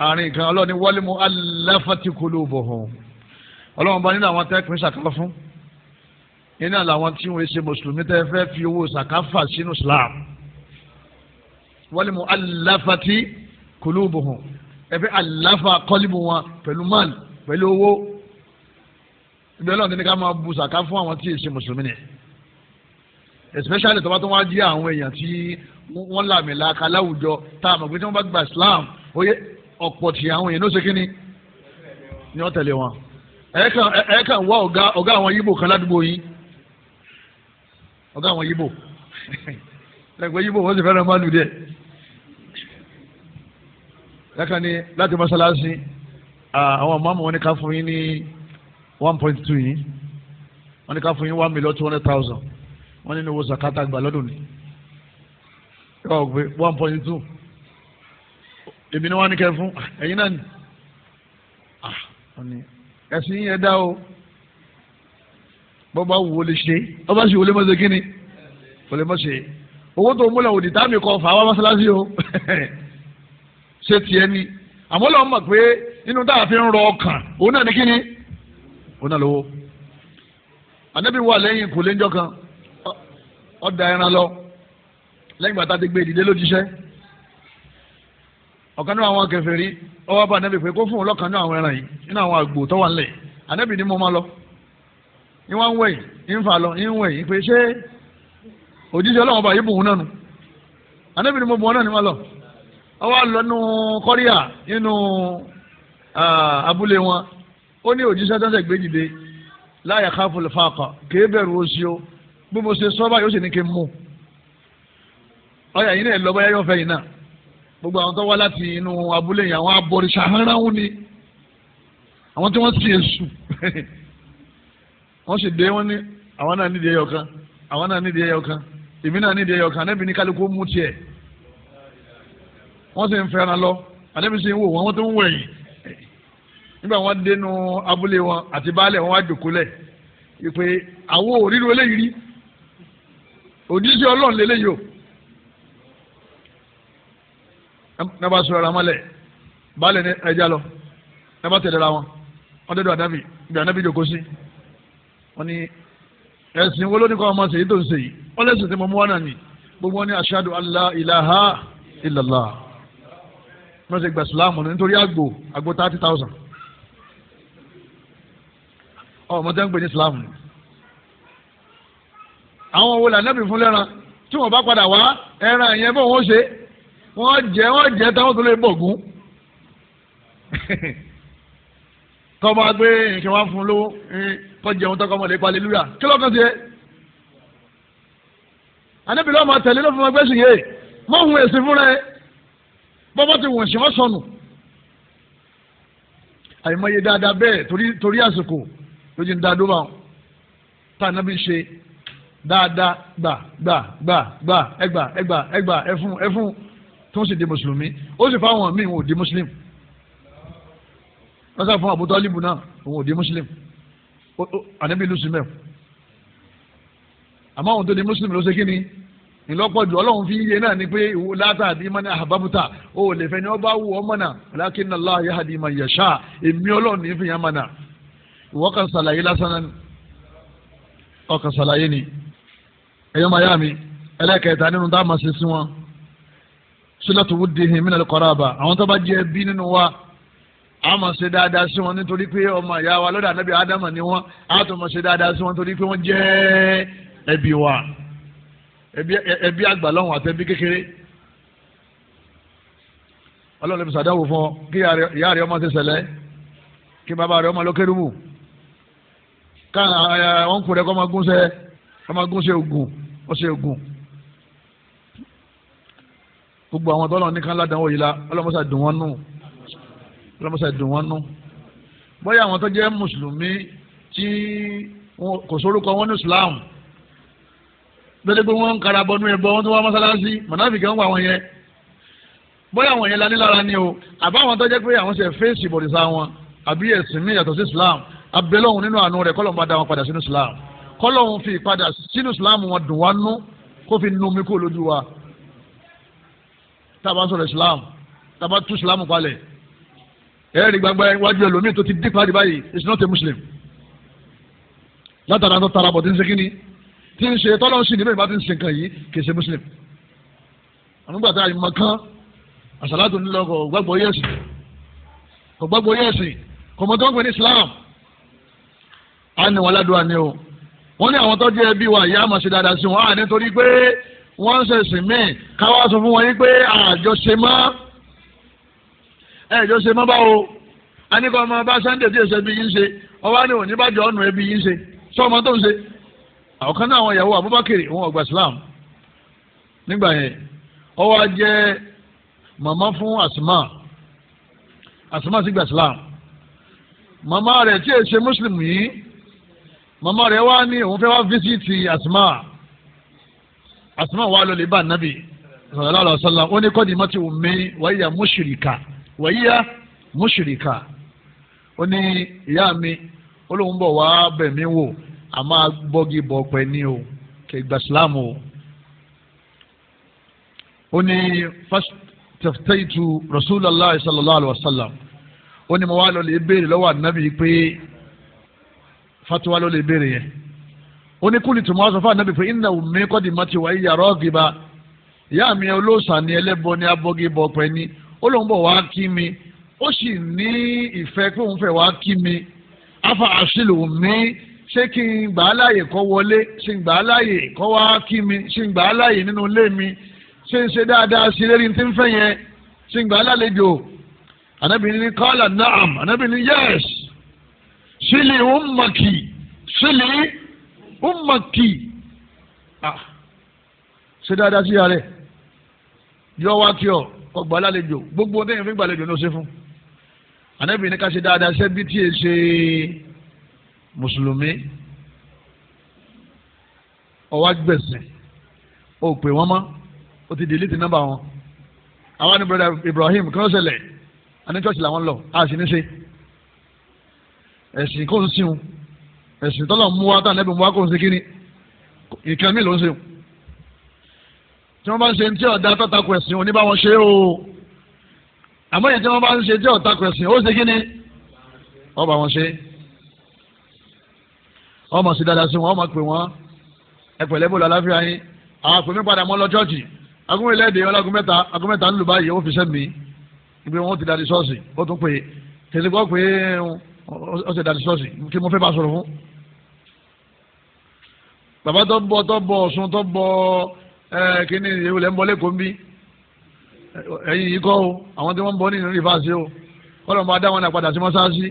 Speaker 1: àárín ìkan ọlọ́run ní wọ́lé mu aláfàtìkúlù bọ̀hún ọlọ́run bá nínú àwọn tẹ́kùn ṣàkà fún iná làwọn tí wọ́n ṣe mùsùlùmí tẹ́ fẹ́ fi owó ṣàkà fà sínú islam wọ́lé mu aláfàtìkúlù bọ̀hún ẹ̀fẹ́ aláfà kọ́líbù wọn pẹ̀lú man pẹ̀lú owó ibi ọlọ́run ní ká máa bu ṣàkà fún àwọn tí èsì mùsùlùmí ni especially tọ́ba tó wá jẹ́ àwọn èèyàn tí wọ́n làmìlaka láwùjọ tá a pé tí wọ́n bá gba islam ó yẹ ọ̀pọ̀ tí àwọn èèyàn ló ṣe kíni ni wọ́n tẹ̀lé wọn ẹ kàn wá ọ̀gá ọ̀gá àwọn yíbò kan ládùúgbò yín ọ̀gá àwọn yíbò ẹgbẹ́ yíbò wọ́n sì fẹ́ràn máàlù díẹ̀ ẹ kàn ní láti mọ́ṣáláṣí àwọn mọ́mú wọn ní ká fún yín ní one point two yín wọ́n ní ká fún yín one million two hundred thousand wọ́n nínú owó zakata gbà lọ́dún ni one point two èmi ni wọ́n ní kẹ́ fún ẹ̀yin náà ni ah, ẹ̀sìn yẹn dá o bọ́ba wò ó ṣe bọ́ba sì wò lè mọ̀ ṣe kí ni kò lè mọ̀ ṣe owó tó múlẹ̀ òdì táàmì kan fà wá mọ́ṣáláṣí o ṣé tiẹ̀ ni àmọ́ lọ́wọ́ mọ̀ pé nínú táà fi ń rọ ọkàn òun náà ní kí ni òun náà lówó anabi wà lẹ́yìn kò léńjọ́ kan ọ̀dà ẹran lọ lẹ́yìn gbàtà ti gbé ìdílé lójíṣẹ́ ọ̀kan náà àwọn kèfèrí ọwọ́ bá anabi pé kó fún un lọ́kàn náà àwọn ẹran yìí nínú àwọn àgbò tó wà nílẹ̀ anabi ni mo máa lọ ní wọ́n ń wẹ̀ yìí ń fà lọ ń wẹ̀ yìí pé ṣé òjíṣẹ́ ọlọ́wọ́n yìí bùn náà nù anabi ni mo bùn náà ni wọ́n lọ ọwọ́ lọ nù kọ́ríà nínú abúlé wọn ó ní òjíṣẹ́ tó ń sẹ̀ gbé dìde láyà káfù lùfàkọ̀ kìí bẹ̀rù oṣù o bí mo ṣe sọ́ báyìí ó ní kí n mú ọyà yìí náà lọ gbogbo àwọn tó wá láti inú abúlé yẹn àwọn abọ̀rìṣà hánráhùn ni àwọn tí wọ́n sì èṣù wọ́n sì dé wọ́n ní àwọn náà nídìí ẹyọ kan àwọn náà nídìí ẹyọ kan èmi náà nídìí ẹyọ kan anẹ́bí ní kálukú mú tiẹ̀ wọ́n sì ń fẹ́ràn lọ anẹ́bí sì ń wò wọ́n wọ́n tó ń wẹ̀yìn nígbà wọn dénú abúlé wọn àti baálé wọn wá jòkólẹ̀ ìpè àwọn òríru eléyìí rí òjíṣẹ́ ọlọ́run lélẹ́yìí o nàbà sọ̀rọ̀ àmàlẹ̀ baálẹ̀ ní ẹja lọ nàbà tẹ̀lé ra wọn wọn dẹ́dọ̀ ànábì ibi ànábì jòkó sí wọn ni ẹ̀sìn wo ló ní kọ́ ọmọ sèyí tó ń sèyí wọn lẹ́sìn tí mo mú wá náà ni gbogbo wọn ni ashadu alla ilaha illallah wọn sì gba ìsìláàmù nítorí àgbò àgbò thirty thousand ọmọ tẹ́ ń pè ní ìsìláàmù ni àwọn wo làǹdàbì fún lẹ́ran tí wọ́n bá padà wá ẹran ìyẹn bó wọ́n ṣe wọ́n jẹ́ wọ́n jẹ́ táwọn tó lè bọ̀gún kọ́mọ gbé nǹkan wá fún lówó kọjá ohun tọkọ ọmọdé paliluya kí lọ́kàn tiẹ̀ anábìlẹ̀ ọmọ tẹ̀lé ló fún ọgbẹ́ sìn yé mọ ohun èsì fúnra ẹ bọ́bọ́ ti wọ̀n sí wọ́n sọnù àìmọye dáadáa bẹ́ẹ̀ torí torí àsìkò ló ti ń dáadó bá wọn tá a nábì ṣe dáadáa gbà gbà gbà gbà ẹgbà ẹgbà ẹgbà ẹfun ẹfun tí wọ́n sì di mùsùlùmí ó sì fáwọn míì wọn ò di mùsùlùm wọ́n sá fún àbútọ́líbù náà òun ò di mùsùlùm ànábì lùsùn mẹ́wọ̀ àmọ́ àwọn tó di mùsùlùm ló ṣe kí ni ìlọ́pọ̀jù ọlọ́run fi yé náà ni pé látà àdí mọ́ni àbábútà ó lè fẹ́ ni ọba wù ọmọ náà lakinna Allah yahdi man yasha èmi ọlọ́run ní fi yàn mọ́ náà ìwọ́ kan ṣàlàyé lásán ọkàn ṣàlàyé ni ẹ̀yọ́ máa yá mi ẹlẹ́kẹ̀ẹ́ta nínú dáàmà ṣe sí wọn sílẹ̀tù wúdìhìn mí nàlẹ́ kọ́ráàbà àwọn tó bá jẹ́ bí nínú wa a máa ṣe dáadáa sí wọn nítorí pé ọmọ ìyá wa lọ́dọ̀ ànábì ádámà ni wọ́n á tó máa ṣe dáadáa sí wọn nítorí pé wọ́n jẹ́ ẹbí wa ẹbí àgbà lọ́hùn àti ẹbí kékeré ọlọ́run lè fi sàdáwò fún ọ kí ìyá rẹ ọmọ ti ṣẹlẹ̀ kí bàbá rẹ ọmọ lókèrúmù ká wọn kù rẹ kọ́ ọmọ gúnṣẹ́ ọmọ gúnṣẹ́ ògùn ọṣẹ́ ògùn gbogbo àwọn tọ́lọ̀ nìkan ládàáwò yìí la ọlọ́mọṣà dùn wọ́n nù ọlọ́mọṣà dùn wọ́n nù bóyá àwọn tó jẹ́ mùsùlùmí tí kò sórúkọ wọn ní islam lórí pé wọ́n ń kara bọ́nú ẹbọ wọn tó wá mọ́sálásí mọ̀nàfíkì wọn wà wọn yẹn bóyá àwọn yẹn la nílára ni o àbá àwọn tó jẹ́ pé àwọn ṣe fèsì ìbòrìṣà wọn àbí ẹ̀sìn míì yàtọ̀ sí islam abẹ́lọ́hún nínú àánú rẹ̀ kọ́lọ́hún islam kọ́lọ́hún fi padà islam wọn dùn wá nú kó tábà sọ̀rọ̀ islam tábà tú islam palẹ̀ ẹ̀rí gbangba iwájú ẹlòmíì tó ti dín parí báyìí is not a muslim látara tó tara bọ̀ tí ń ṣe kíni tí ń ṣe tọ́lọ́ ń ṣe níbẹ̀ bá ti ń ṣe nǹkan yìí kì í ṣe muslim àmúgbàtà àyùmọ̀ kan àṣàlátò nílò kò gbàgbọ́ yẹ̀sìn kò gbàgbọ́ yẹ̀sìn kò mọ̀ tó ń pè ní islam á ní wọn ládùúgbò àní o wọ́n ní àwọn tó jẹ́ ẹbí wa ìyá wọ́n ń ṣẹ̀sìn míì káwá sọ fún wọn yí pé àjọṣe mọ́ ẹ̀jọ̀ṣe mọ́ báwo a ní kọ́ ọmọ bá sunday tí èsè bí yín ṣe ọwọ́ ni òní bá jọ ọ̀nà ẹbí yín ṣe sọ ọmọ tó ń ṣe ọ̀kan náà àwọn ìyàwó Abubakar wọn ọgbà Islam nígbà yẹn ọwọ́ jẹ́ màmá fún Asma Asma sì gbà Islam màmá rẹ̀ tí èsè Muslim yìí rẹ̀ wá ní òun fẹ́ wá fíṣítì Asma. Asma wa lọ lè bá anabi sallallahu alaihi wasallam ó ní kọ́ni mọ́tì ummi wa hiya mushrika wa hiya mushrika ó ní ìyá mi olóhùn bọ̀ wá bẹ̀ mí wò àmọ́ agbọ́gi bọ̀ pẹ̀ ní o kẹgbà sílámù o ó ní fastafitaitu rasulallah sallallahu alaihi wasallam ó ní mo wá lọ lè béèrè lọ́wọ́ anabi pé fatuwa ló lè béèrè yẹn oníkùlì tó máa sọ fún ànábì pé iná omi kọ́dì má ti wáyé yàrá ọ̀gìbá ìyá mi olóòṣà ni ẹlẹ́bọ ni abọ́gi bọ̀ pẹ́ ni ó lóun bọ̀ wá kí mi ó sì ní ìfẹ́ pé òun fẹ́ wá kí mi afa àṣìlò mi ṣé kí n gbà á láàyè kó wọlé ṣé n gbà á láàyè kó wá kí mi ṣé n gbà á láàyè nínú ilé mi ṣé n ṣe dáadáa sí lérí tí ń fẹ́ yẹn ṣé n gbà á lálejò ànábì ní kọ́là naam ànábì ní yẹ́s sílì ń mọ̀kì sílì ummati ah ṣe dáadáa sí yàrá ẹ yọ wá tí ọ ọgbà lálejò gbogbo ohun tẹ̀yìn fi gbàlejò ló ṣe fún ànábì ní ká ṣe dáadáa sẹ́bí tí ẹ ṣe mùsùlùmí ọwá gbẹ̀sìn ó pè wọ́n mọ́ ó ti dìlítì nọ́mbà wọn àwọn ní broda Ibrahim kí wọ́n ṣẹlẹ̀ àní church làwọn lọ a sì ní ṣe ẹ̀sìn kò ń sìn un ẹ̀sìn tọ́lọ̀ mú wa tán lẹ́bi mú wa kó ń ṣe kíni ìkan mi ló ń ṣe o tí wọ́n bá ń ṣe tí ọ̀dà tọ́takù ẹ̀sìn òní bá wọn ṣe o àmọ́ yẹn tí wọ́n bá ń ṣe tí ọ̀takù ẹ̀sìn ó ṣe kíni ó bá wọn ṣe ọmọ sí dáadáa sí wọn ọmọ pè wọn ẹ pẹ̀lẹ́ bò lálàáfíà yín àwọn àpèmí padà mọ́ lọ chọ́ọ̀chì agúnmẹ́lẹ́dẹ̀ ọlọ́gùn mẹ́ta agún mẹ́ta ń lù báyìí ó fi sẹ́mi bàbá tó bọ tó bọ ọ̀ṣun tó bọ ẹ kíní ìyẹ́wòlẹ̀ ń bọ lẹ́kọ̀ọ́ ń bí ẹ̀yìn yìí kọ́ o àwọn tí wọ́n ń bọ nínú rìfáàsì o kọ́lọ̀ máa dá wọn náà padà sí mọ́sáàsì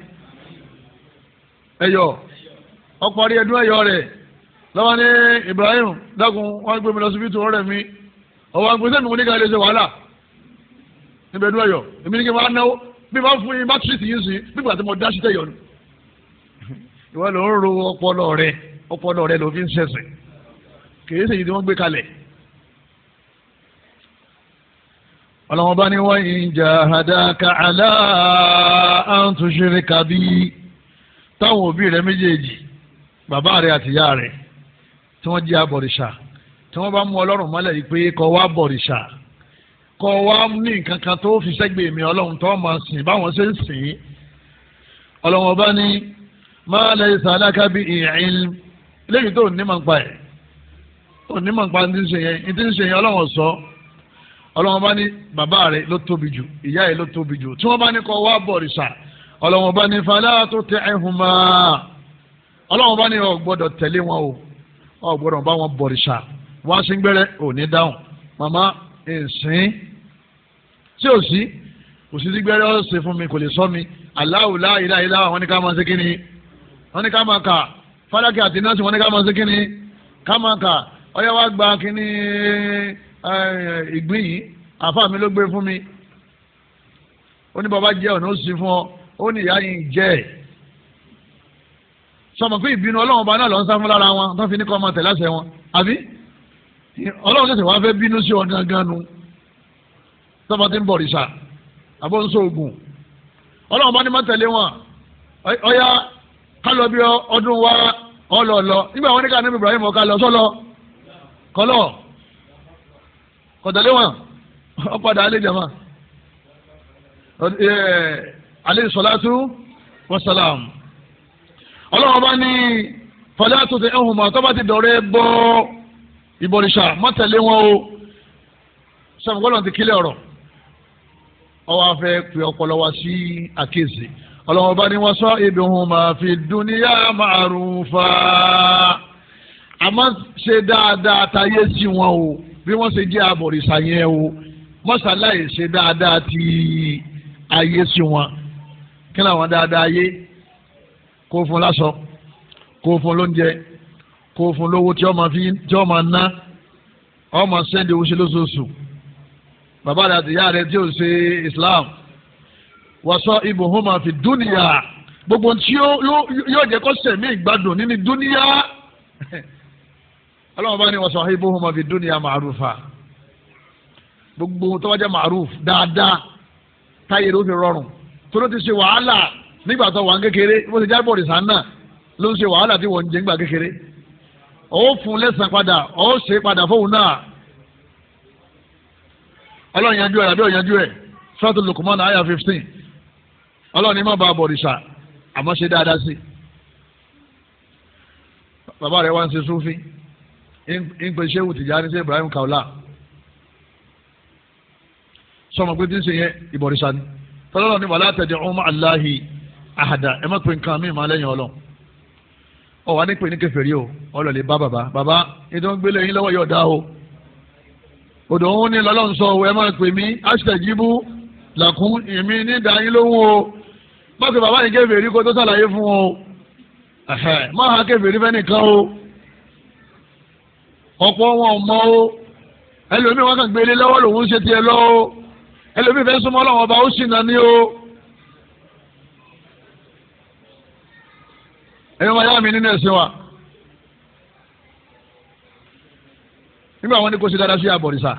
Speaker 1: ẹ̀yọ ọparí ẹdún ẹ̀yọ rẹ̀ lọ́wọ́ ní Ibrahim dákun wọ́n gbé mi lọ síbi tó rẹ̀ mi ọwọ́ àgbẹ̀ sẹ́mi mo ní ká lè ṣe wàhálà níbi ẹdún ẹ̀yọ èmi ní kí n máa náwó bí wọ́n fún yín bá tìrìtì yín sí bí gbàtí mo dá sí tẹ̀yọ̀ ìwọ ọpọlọ rẹ ló fi ń ṣẹ̀sìn kìí ṣèyí tí wọ́n gbé kalẹ̀. ọlọ́wọ́n bá ní wa in jahadaka ala an tushrika bi táwọn òbí rẹ méjèèjì bàbá rẹ àti ìyá rẹ tí wọ́n jí abọ̀rìṣà tí wọ́n bá mú ọlọ́run mọ́lẹ̀ yìí pé kọ́ wá bọ̀rìṣà kọ́ wá ní nǹkan kan tó fi sẹ́gbẹ̀ẹ́ mi ọlọ́run tó máa sìn báwọn ṣe ń sìn ọlọ́wọ́n bá ní ma laysa laka bi ilm léyìí tó ní màǹpa ẹ̀ òní màǹpa ti ń ṣe yẹn ti ń ṣe yẹn ọlọ́wọ́n sọ ọlọ́wọ́n bá ní bàbá rẹ̀ ló tóbi jù ìyá rẹ̀ ló tóbi jù tí wọ́n bá ní kọ́ wá bọ̀rìṣà ọlọ́wọ́n bá ní falẹ́ àtó tẹ ẹ̀hún máa ọlọ́wọ́n bá ní ò gbọ́dọ̀ tẹ̀lé wọn o ò gbọ́dọ̀ bá wọn bọ̀rìṣà wọ́n á sí gbẹ́rẹ́ òní dáhùn màmá ẹ̀sìn tí ò sí òsìsí gbẹ́rẹ́ ọ̀sẹ̀ fún mi kò lè sọ mi aláwòlá ìlà ìlà ká máa ṣe kí ni wọ́n ní ká máa kà fálákì àti nọ́ọ̀sì wọn ní ká máa ṣe kíni ká máa kà ọyá wa gba kíni ìgbín yìí àfa mi ló gbé fún mi ó ní bàbá jẹ́ ọ̀nà ó sì fún ọ ó ní ìyá yìí jẹ́ ẹ̀ sọmọ pé ìbínú ọlọ́run ọba náà lọ ń sá fún lára wọn tó fi ní kọ́ ọmọ tẹ̀lé wọn àbí ọlọ́run tẹ̀sẹ̀ wá fẹ́ bínú sí ọ gangan nu sọmọ tí ń bọ̀ rìṣà àbọ̀ ń sọ ògùn ọlọ́run ọba ní má tẹ̀lé wọn ọyá ká bí ọdún wa ọlọlọ nígbà wọn ní ká níbi Ibrahim ọ̀ka lọ kọlọ kọtàléwọn ọ̀padà alẹ́ alẹ́ sọlátú wasalaam ọlọ́wọ́n bá ní fọlẹ́ àtúntò ẹ̀hùn mọ́ ti dọ̀rẹ́ bọ́ ìbọ̀rìṣà mọ́tẹ̀lé wọn o gbọ́dọ̀ ti kílẹ̀ ọ̀rọ̀ ọwọ́ afẹ́ ọpọlọ wa ọlọ́wọ́n bá ní wọ́n sọ ibuhuma fi dunya ma'rufa àmọ́ ṣe dáadáa táyé sí wọn o bí wọ́n ṣe jẹ́ àbọ̀rìṣà yẹn o mọ́ṣáláyè ṣe dáadáa ti ayé sí wọn kí làwọn dáadáa ayé kó fún láṣọ kó fún lóúnjẹ kó fún lówó tí ọmọ fi tí ọmọ ná ọmọ sẹ́ndì owó ṣe lóṣooṣù bàbá rẹ̀ àti ìyá rẹ̀ tí ò ṣe Islam wàsọ ibùhùnmá fi dúnìyà gbogbo tí yóò jẹ́ kó sẹ̀mí ìgbádùn nínú dúnìyà ọlọ́run bá ní wàsọ ibùhùnmá fi dúnìyà màrúfà gbogbo tó bá jẹ́ màrúf dáadáa táyé ló fi rọrùn tó ló ti ṣe wàhálà nígbà tó wà ń kékeré bó ti jábọ̀ rìsà náà ló ń ṣe wàhálà tí wọ́n ń jẹ ńgbà kékeré ó fún lẹ́sàn padà ó ṣe padà fóun náà ọlọ́run yanjú ẹ̀ àbí ọ̀yanjú ẹ̀ sọ́ọ́tù Luqman àyà fifteen ọlọ́run ní má ba àbọ̀rìṣà àmọ́ ṣe dáadáa sí i bàbá rẹ̀ wá ń ṣe súnfín ń pe ṣéwù tìjà ní ṣe Ibrahim Kaula sọmọ pé tí ń ṣe yẹn ìbọ̀rìṣà ni tọ́lọ́rọ̀ ni wàlá tẹ̀dẹ̀ ọmọ aláhi àhàdà ẹ má pe nǹkan mí máa lẹ́yìn ọlọ́ ọ wà ní pè ní kèfèrí o ọlọ́ lè bá bàbá bàbá ètò ń gbélé yín lọ́wọ́ yóò dá o odò òun ní lọ́lọ́run sọ ẹ má pè mí àṣìṣẹ́ jíbú làkún èmi ní ìdáyín lóhùn o má pe bàbá yìí kèfèrí kó tó sàlàyé fún o má ha kèfèrí fẹ́nìkan o ọ̀pọ̀ wọn ò mọ o ẹlòmíì wọn kàn gbélé lọ́wọ́ lòun ṣe tiẹ̀ lọ o ẹlòmíì fẹ́ súnmọ́ lọ́wọ́ ọba ó sì nà ní o. ẹ̀yin wọn yá mi nínú ẹ̀sìn wa nígbà wọn ni kò sí dáadáa sí àbọ̀rìṣà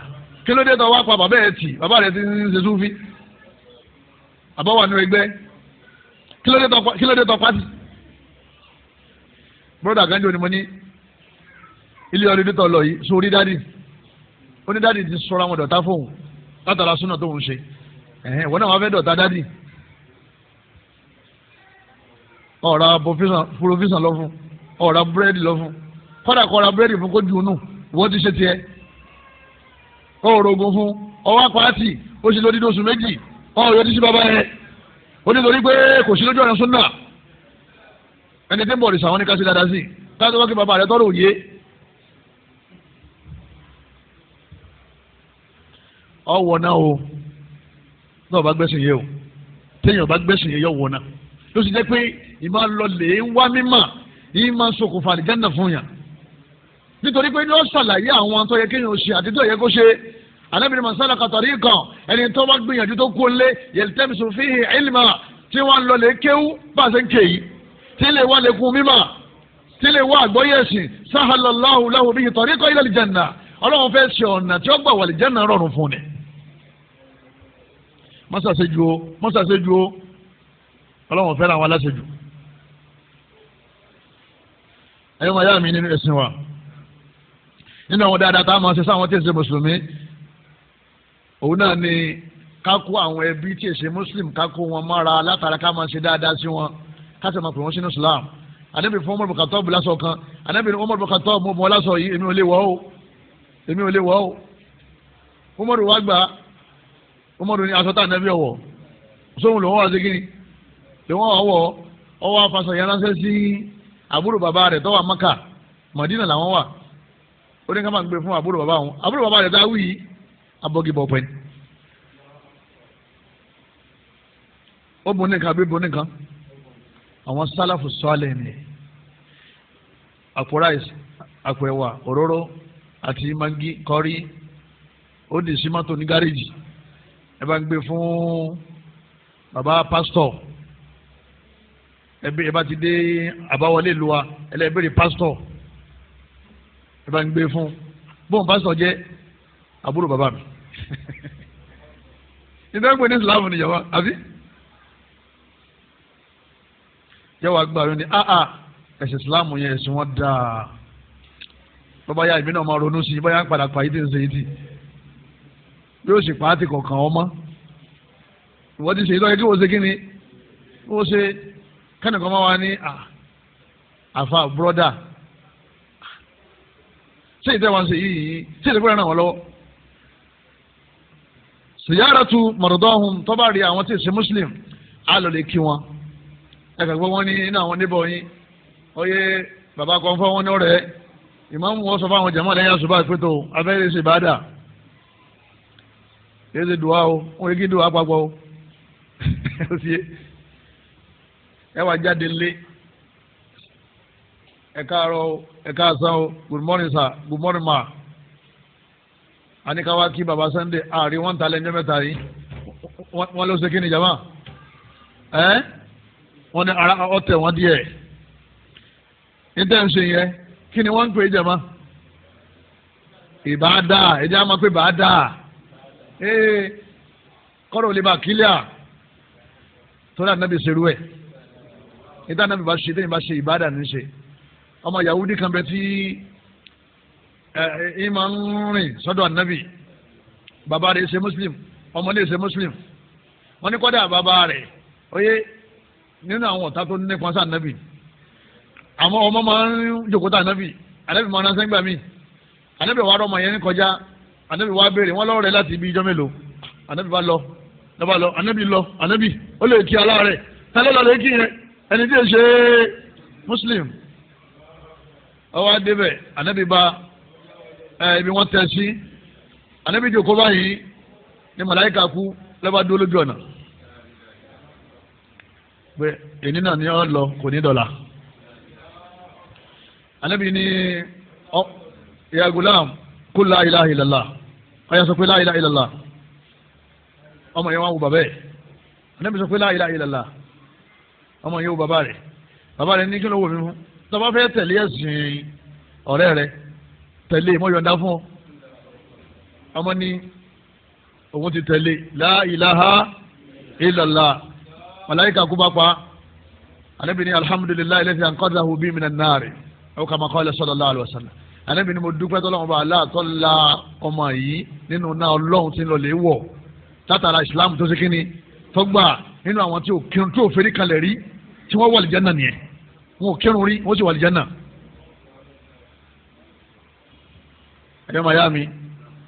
Speaker 1: kí ló dé tó wá pa bàbá ẹ̀ tì bàbá rẹ̀ ti ń ṣe súnfí àbáwọ̀ nínú ẹgbẹ́ kí ló dé tọ́ pátì broda kanjo ni mo ní ilé ọlọ́dún tó lọ yìí sórí dáàdì ó ní dáàdì ti sọ̀rọ̀ àwọn dọ̀tá fóun látara súnà tó ń ṣe ẹ̀hẹ́n ìwọ náà wàá fẹ́ dọ̀tá dáàdì ọ̀ra pòfísàn lọ fún ọ̀ra búrẹ́dì lọ fún kọ́dà kọ́ra búrẹ́dì fún kójú inú ìwọ ti ṣe tiẹ̀ ọ̀rọ̀ ogun fún ọwọ́ pàtì ó ṣe lódìdí oṣù méjì ọ̀rọ̀ yóò ti ṣe bàbá yẹn ó ní torí pé kò sí lójú ọ̀nà súnà ẹni tí ń bọ̀ lè sàwọn ní kásí dáadáa sí táwọn wọ́n kí bàbá rẹ tọ́rọ òye ọwọ́ náà o náà ọba gbẹ́sìn yẹ o téèyàn ọba gbẹ́sìn yẹ yọ wọ náà ló sì jẹ́ pé ìmọ̀ lọlẹ̀ wá mímọ̀ yìí máa ń ṣokùnfà àlìjáná fún yàn nítorí pé ní ó ṣàlàyé àwọn tó yẹ kéèyàn ṣe àti tó yẹ kó ṣe alábìrin masala katari kan ẹni tó bá gbìyànjú tó kó lé yẹlitẹ́bisù fihi ilma tí wọ́n lọ lè kéwú bá a ṣe ń ké yìí tí lè wá lè kú mímà tí lè wá àgbọ́yé ẹ̀sìn sahalallahu lahu bihi tariqa ila aljanna ọlọ́run fẹ́ ṣe ọ̀nà tí ó gbà wà aljanna rọrùn fún ni. mọ́sàsẹ́jú o mọ́sàsẹ́jú o ọlọ́run fẹ́ràn àwọn aláṣẹ́jú ẹ̀yọ́ màá mi nínú ẹ̀sìn wa nínú àwọn dáadáa tá a máa ṣe sáwọn tí ń ṣe mùsùlùmí òun náà ni ká kó àwọn ẹbí tí èsè muslim ká kó wọn mọ́ra látara ká máa ṣe dáadáa sí wọn ká máa pè wọ́n sínú islam anabi fún ọmọ bukatọ bu lásọ kan anabi ní ọmọ bukatọ mu mọ lásọ yìí èmi ò lè wọ o èmi ò lè wọ o ọmọdé wa gbà ọmọdé ni asọta anabi ọwọ sóhun lòun wà ségin lòun wà wọ ọwọ afasọ yẹn ránṣẹ́ sí àbúrò bàbá rẹ̀ tọwọ amaka madina làwọn wà ó ní ká máa gbé fún àbúrò bàbá wọn àbúrò bàbá rẹ̀ tá yìí. Abogi pẹ́ ó bu nìkan àbí bu nìkan àwọn sálàfù sọ́ọ̀lẹ̀ ni àpò ráìsì àpò ẹ̀wà òróró àti mangi kọ́rí ó di sí mọ́tò ní gáréèjì ẹ bá ń gbé fún bàbá pásítọ̀ ẹ bá ti dé àbáwọlé ìlú wa ẹlẹ́bẹ̀rẹ̀ pásítọ̀ ẹ bá ń gbé fún bóun pásítọ̀ jẹ́ àbúrò bàbá mi ìdá ń pè ní islam ni yàwá àbí yàwá gbàrú ni ah ah ẹ̀sìn islam yẹn ẹ̀sìn wọn dáa bàbá ya ìbínú ọmọ ronú sí i báyà ń padà pa ìdí ṣe ìdí yóò sì pa á ti kọ̀ọ̀kan ọmọ ìwọ́n ti ṣe ìlọ́yẹ kí wọ́n ṣe kí ni wọ́n ṣe kẹ́nìkan máa wá ní ah, àfa bùrọ́dà ah. ṣé ìtẹ́wọ̀n ṣe yìí ṣé ìtẹ́wọ̀n náà wọ́n lọ́wọ́ sìyáratu mọ̀rọ̀dọ́hùn tọ́ba rí àwọn tí ì ṣe muslim á lọ lè kí wọn ẹ kàgbọ́ wọn ní inú àwọn níbọ̀ yín oyè bàbá kan fọ́ wọn ní ọ̀rẹ́ ìmáàmù wọn sọ fáwọn jàmáà lẹ́yìn àṣùbà ìpẹ́tò abẹ́rẹ́ ṣe ìbádà yéé ṣe o wọn yéé kí dùwà papọ̀ o ẹ wà jáde lé ẹ káàárọ̀ ẹ káàsán o good morning sir good morning ma anikawa kí baba sande ari wọn ta lẹ́jọ́ mẹ́ta yìí wọn ló ṣe ni jama ẹ wọn ni ara ọtẹ wọn díẹ̀ intanṣe yẹn kí ni wọn ń pè jama ìbáadá ẹjẹ a máa pè báadá ee kọ́rọ̀ ò lè bá kílíà tó dáa nàbì ṣerú ẹ̀ ìdá nàbì bá ṣe téyìn bá ṣe ìbáadá ní ṣe ọmọ Yahudi kan bẹ tí ẹ máa ń rìn sọ́dọ̀ ànábì bàbá rẹ̀ ṣe muslim ọmọ rẹ̀ ṣe muslim wọ́n ní kọ́dà bàbá rẹ̀ oyè nínú àwọn ọ̀tá tó ní pọ́nsá ànábì àmọ́ ọmọ máa ń jòkóta anabi ànábì máa ń ránṣẹ́ gbà mí ànábì wa rọmọ yẹn kọjá ànábì wa béèrè wọ́n lọ́rọ̀ rẹ̀ láti ibi ijọ́ mélòó anabi bá lọ lọ́ba lọ ànábì lọ ànábì ó lè kí aláàrẹ̀ tẹ́lẹ̀ lọ lè kí yẹn ẹni tí yẹn ṣe muslim ọwọ́ adébẹ̀ ànábì bá ibi wọ́n tẹ̀ sí anabi jòkó báyìí ni màláìka kú lọ́ba dúró lójú ọ̀nà pé èyí náà ni ọ lọ kò ní dọ̀là anabi ni ọ ya gulam kul la ilaha illallah ọ̀yà sọ pé la ilaha illallah ọmọ yẹn wà wù bàbá yẹ anabi sọ pé la ilaha illallah ọmọ yẹn wù bàbá rẹ bàbá rẹ ní kí ló wò mí fún tọ́ba fẹ́ tẹ̀lé ẹ̀sìn ọ̀rẹ́ rẹ tẹ̀lé mo yọ̀ǹda fún ọ ọmọ ní òun ti tẹ̀lé la ilaha illallah màláyíkà kú bá pa anabi ní alhamdulilayi lẹ́sìn àǹkọ́dàhù bí minan náàrí aw kama qala sallallahu alaihi wasallam anabi ní mo dúpẹ́ tọ́lọ́wọ́n bá aláàtọ́ ọmọ yìí nínú náà ọlọ́run ti lọ lè wọ̀ látara ìsìlámù tó ṣe kínni tọ́gbà nínú àwọn tí ò kírun tó ò kalẹ̀ rí tí wọ́n wà lìjánà nìyẹn wọn ò kírun rí wọ́n sì wà lìjánà ẹ̀yọ́ màyá mi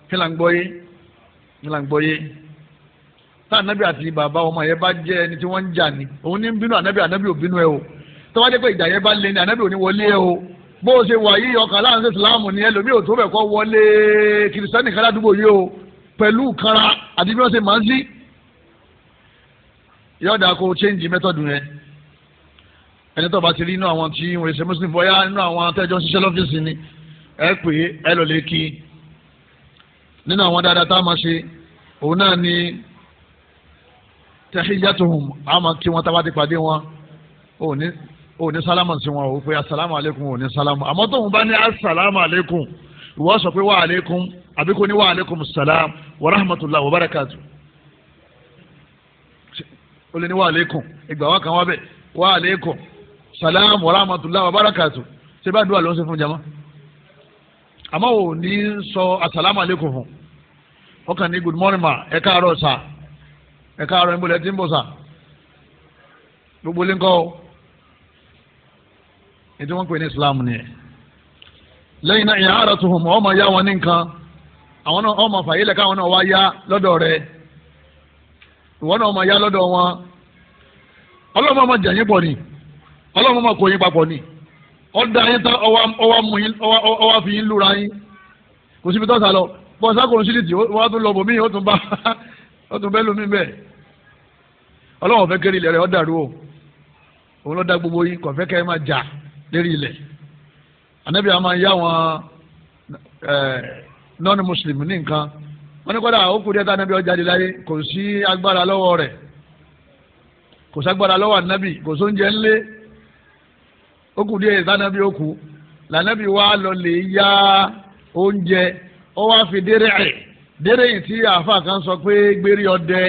Speaker 1: kí là ń gbọ́ yé kí là ń gbọ́ yé tá ànábì àti bàbá ọmọ yẹn bá jẹ́ ẹni tí wọ́n ń jà ní òun ní bínú ànábì ànábì ò bínú ẹ o tó bá jẹ́ pé ìjà yẹn bá lé ní ànábì ò ní wọlé ẹ o bó o ṣe wà yí ọkàn láàrin ìsìláàmù ni ẹlòmíì ò tó bẹ̀ kọ́ wọlé kìrìsìtẹ́nì kan ládùúgbò yìí o pẹ̀lú kanra àti bí wọ́n ṣe máa ń sí yọ̀ọ̀dà kó change method yẹn ẹni tó bá ti rí inú àwọn tí wọ́n ṣe muslim bọ́yá inú àwọn atẹ́jọ́ ṣiṣẹ́ lọ́fíìsì ni ẹ pè é ẹ lọ lè kí nínú àwọn dáadáa tá a máa ṣe òun náà ni tahiyatuhum a máa kí wọn tá a bá ti pàdé wọn ò ní ò ní sálámà sí wọn ò pé asalaamu aleykum ò ní sálámà àmọ́ tóun bá ní asalaamu aleykum ìwọ sọ pé wa aleykum àbí kò ní wa aleykum salaam wa rahmatulah wa barakatu ó lè ní wa aleykum ìgbà wa kan wá bẹ wa aleykum salaam wa rahmatulah wa barakatu ṣé bá dùn àlọ́ ń ṣe fún jama. Ama ò ní sọ asàlámù aleykum fún ọkàn ni good morning ma ẹ káàárọ̀ sà ẹ káàárọ̀ ìmọ̀lẹ́ tí ń gbogbo ilé ńkọ́ ètò wọn pè ní Islam náà ara ya wọn ní nǹkan àwọn náà ọmọ fàyílẹ̀ káwọn náà wá yá lọ́dọ̀ rẹ̀ ìwọ náà ọmọ yá wọn ni ọmọ kò yín ni. ọ̀dà yín tán ọwọ́ fi yín lura yín kò síbi tó sá lọ bọ́ sákòrò sílìtì wọ́n á tún lọ bòmíì ó tún bá ó tún bẹ́ẹ̀ lómi bẹ́ẹ̀ ọlọ́wọ́n fẹ́ kéré ilẹ̀ rẹ̀ ọ̀dà rú o òun ló dá gbogbo yín kò fẹ́ kẹ́ ẹ máa jà lérí ilẹ̀ ànábì àwọn máa ń yá wọn nọ́ọ̀nù mùsùlùmí ní nǹkan wọ́n ní kọ́dà ó kú díẹ̀ tá ànábì ọjà di láyé kò sí agbára lọ́wọ́ rẹ̀ kò sí agbára lọ́wọ́ ànábì kò sóúnjẹ ńlẹ́ ó kù díẹ̀ sanabi ó kù lànàbí wa lọ lè ya oúnjẹ ó wá fi dérè ẹ̀ dérè yìí tí àáfàá kan sọ pé gbérí ọdẹ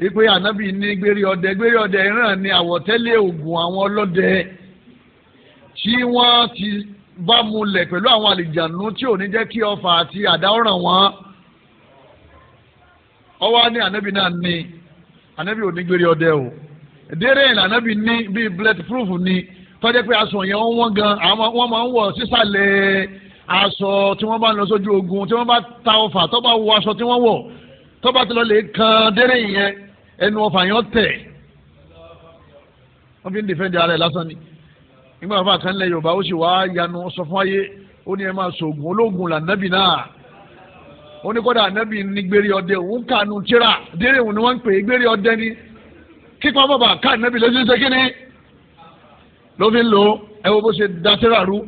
Speaker 1: wípé ànábì ní gbérí ọdẹ gbérí ọdẹ ìran ni àwọ̀tẹ́lẹ̀ oògùn àwọn ọlọ́dẹ tí wọ́n ti bá mulẹ̀ pẹ̀lú àwọn àlìjànú tí ò ní jẹ́ kí ọfà àti àdá ọ̀ràn wọn ọwọ́ ní ànábì náà ní ànábì ò ní gbérí ọdẹ o. dérè ànábì ní bíi bulletproof ni tọ́jẹ́ pé aṣọ yẹn wọ́n gan wọ́n máa ń wọ̀ sísàlẹ̀ aṣọ tí wọ́n bá ń lọ sójú ogun tí wọ́n bá ta ọfà tó bá wọ aṣọ tí wọ́n wọ̀ tó bá ti lọ lè kan dérè yẹn ẹnu ọfà yẹn tẹ̀ wọ́n fi ń dìfẹ́ǹdì ara ẹ̀ lásán ni nígbà wọn fà kán lẹ Yorùbá ó sì wá yanu sọ fún ayé ó ní ẹ máa sògùn ológun làǹdàbì náà ó ní kọ́dà ànábì ní gbére ọdẹ òun kànú tíra dérè òun ni wọ́n ń pè é gbére ọdẹ ni kíkọ́ bàbà ká nẹ́bí ló ṣe ń ni ló fi ń lo ẹ wo bó ṣe da síra rú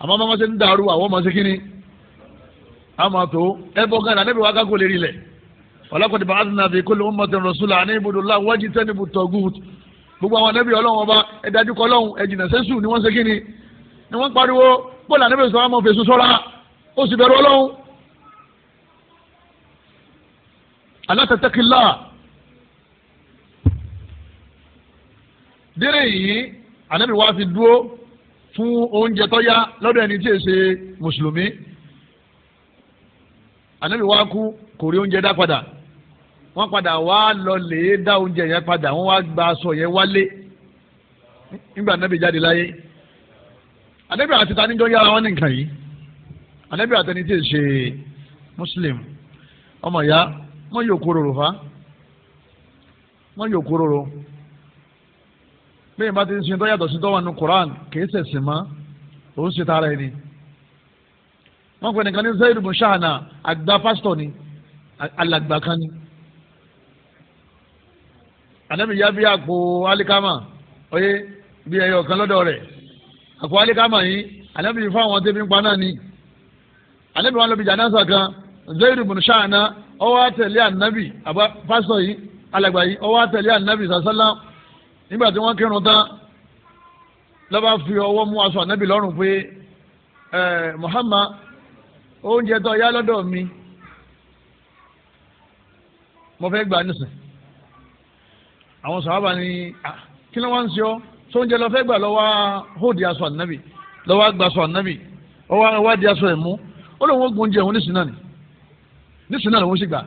Speaker 1: àmọ́ bá wọ́n ṣe ń dàrú àwọn ọmọ ṣe kí ni àmọ́ tó ẹ bọ́ gánà nẹ́bí wa kákó lè rí ọlọ́kùnrin bàbá àti nàbí kó lè rọ̀ṣúlà ní ibùdó lá wájú tẹ́ níbu tọ́gùt gbogbo àwọn nẹ́bí ọlọ́run ọba ẹ dájú kọ́ sẹ́sù ni wọ́n ṣe kí ni ni wọ́n pariwo bọ́ọ̀lù ànẹ́bí sọ àmọ́ fèsù sọ́ra ó sì bẹ̀rù ọlọ́run alátẹ̀tẹ̀kìlá dérè yìí ànábì wa fi dúró fún oúnjẹ tọ́yá yá lọ́dọ̀ ẹni tí èsè mùsùlùmí ànábì wa kú kò rí oúnjẹ dá padà wọ́n padà wá lọ lè dá oúnjẹ yẹn padà wọ́n wá gba aṣọ yẹn wálé nígbà ànábì jáde láyé ànábì àti tanijọ́ yára wọn nìkan yìí ànábì àtẹni tí èsè muslim ọmọ ya wọ́n yóò kúrò rò fa wọ́n yóò kúrò rò. bẹ́ẹ̀ bá ti ń sin tó yàtọ̀ sí tó wà nínú Quran kìí ṣẹ̀sìn mọ́ òun ṣe tara ẹni. wọ́n pè nìkan ní Zayd ibn àgbà pásítọ̀ ni alàgbà kan ni. ànábì yá bí àpò alikama oye bí ẹyọ kan lọ́dọ̀ rẹ̀ àpò alikama yìí ànábì yìí fáwọn tẹ́bí ń pa náà ni. ànábì wọn lọ bí jàǹdà kan Zayd ibn Shahana ó wá tẹ̀lé ànábì àbá pásítọ̀ yìí alàgbà yìí ó wá tẹ̀lé ànábì nígbà tí wọ́n kírun tán lọ́ba fi ọwọ́ mú aṣọ ànábì lọ́rùn pé Muhammad oúnjẹ tó yá lọ́dọ̀ mi mo fẹ́ gbà nísìn àwọn sàhábà ni kí ló wá ń ṣe ọ́ tó oúnjẹ lọ fẹ́ gbà lọ́wọ́ hóòdì aṣọ ànábì lọ́wọ́ gba aṣọ ànábì ọwọ́ wá di aṣọ ẹ̀ mú ó lóun ó gun oúnjẹ òun nísìn náà nísìn náà lòun sì gbà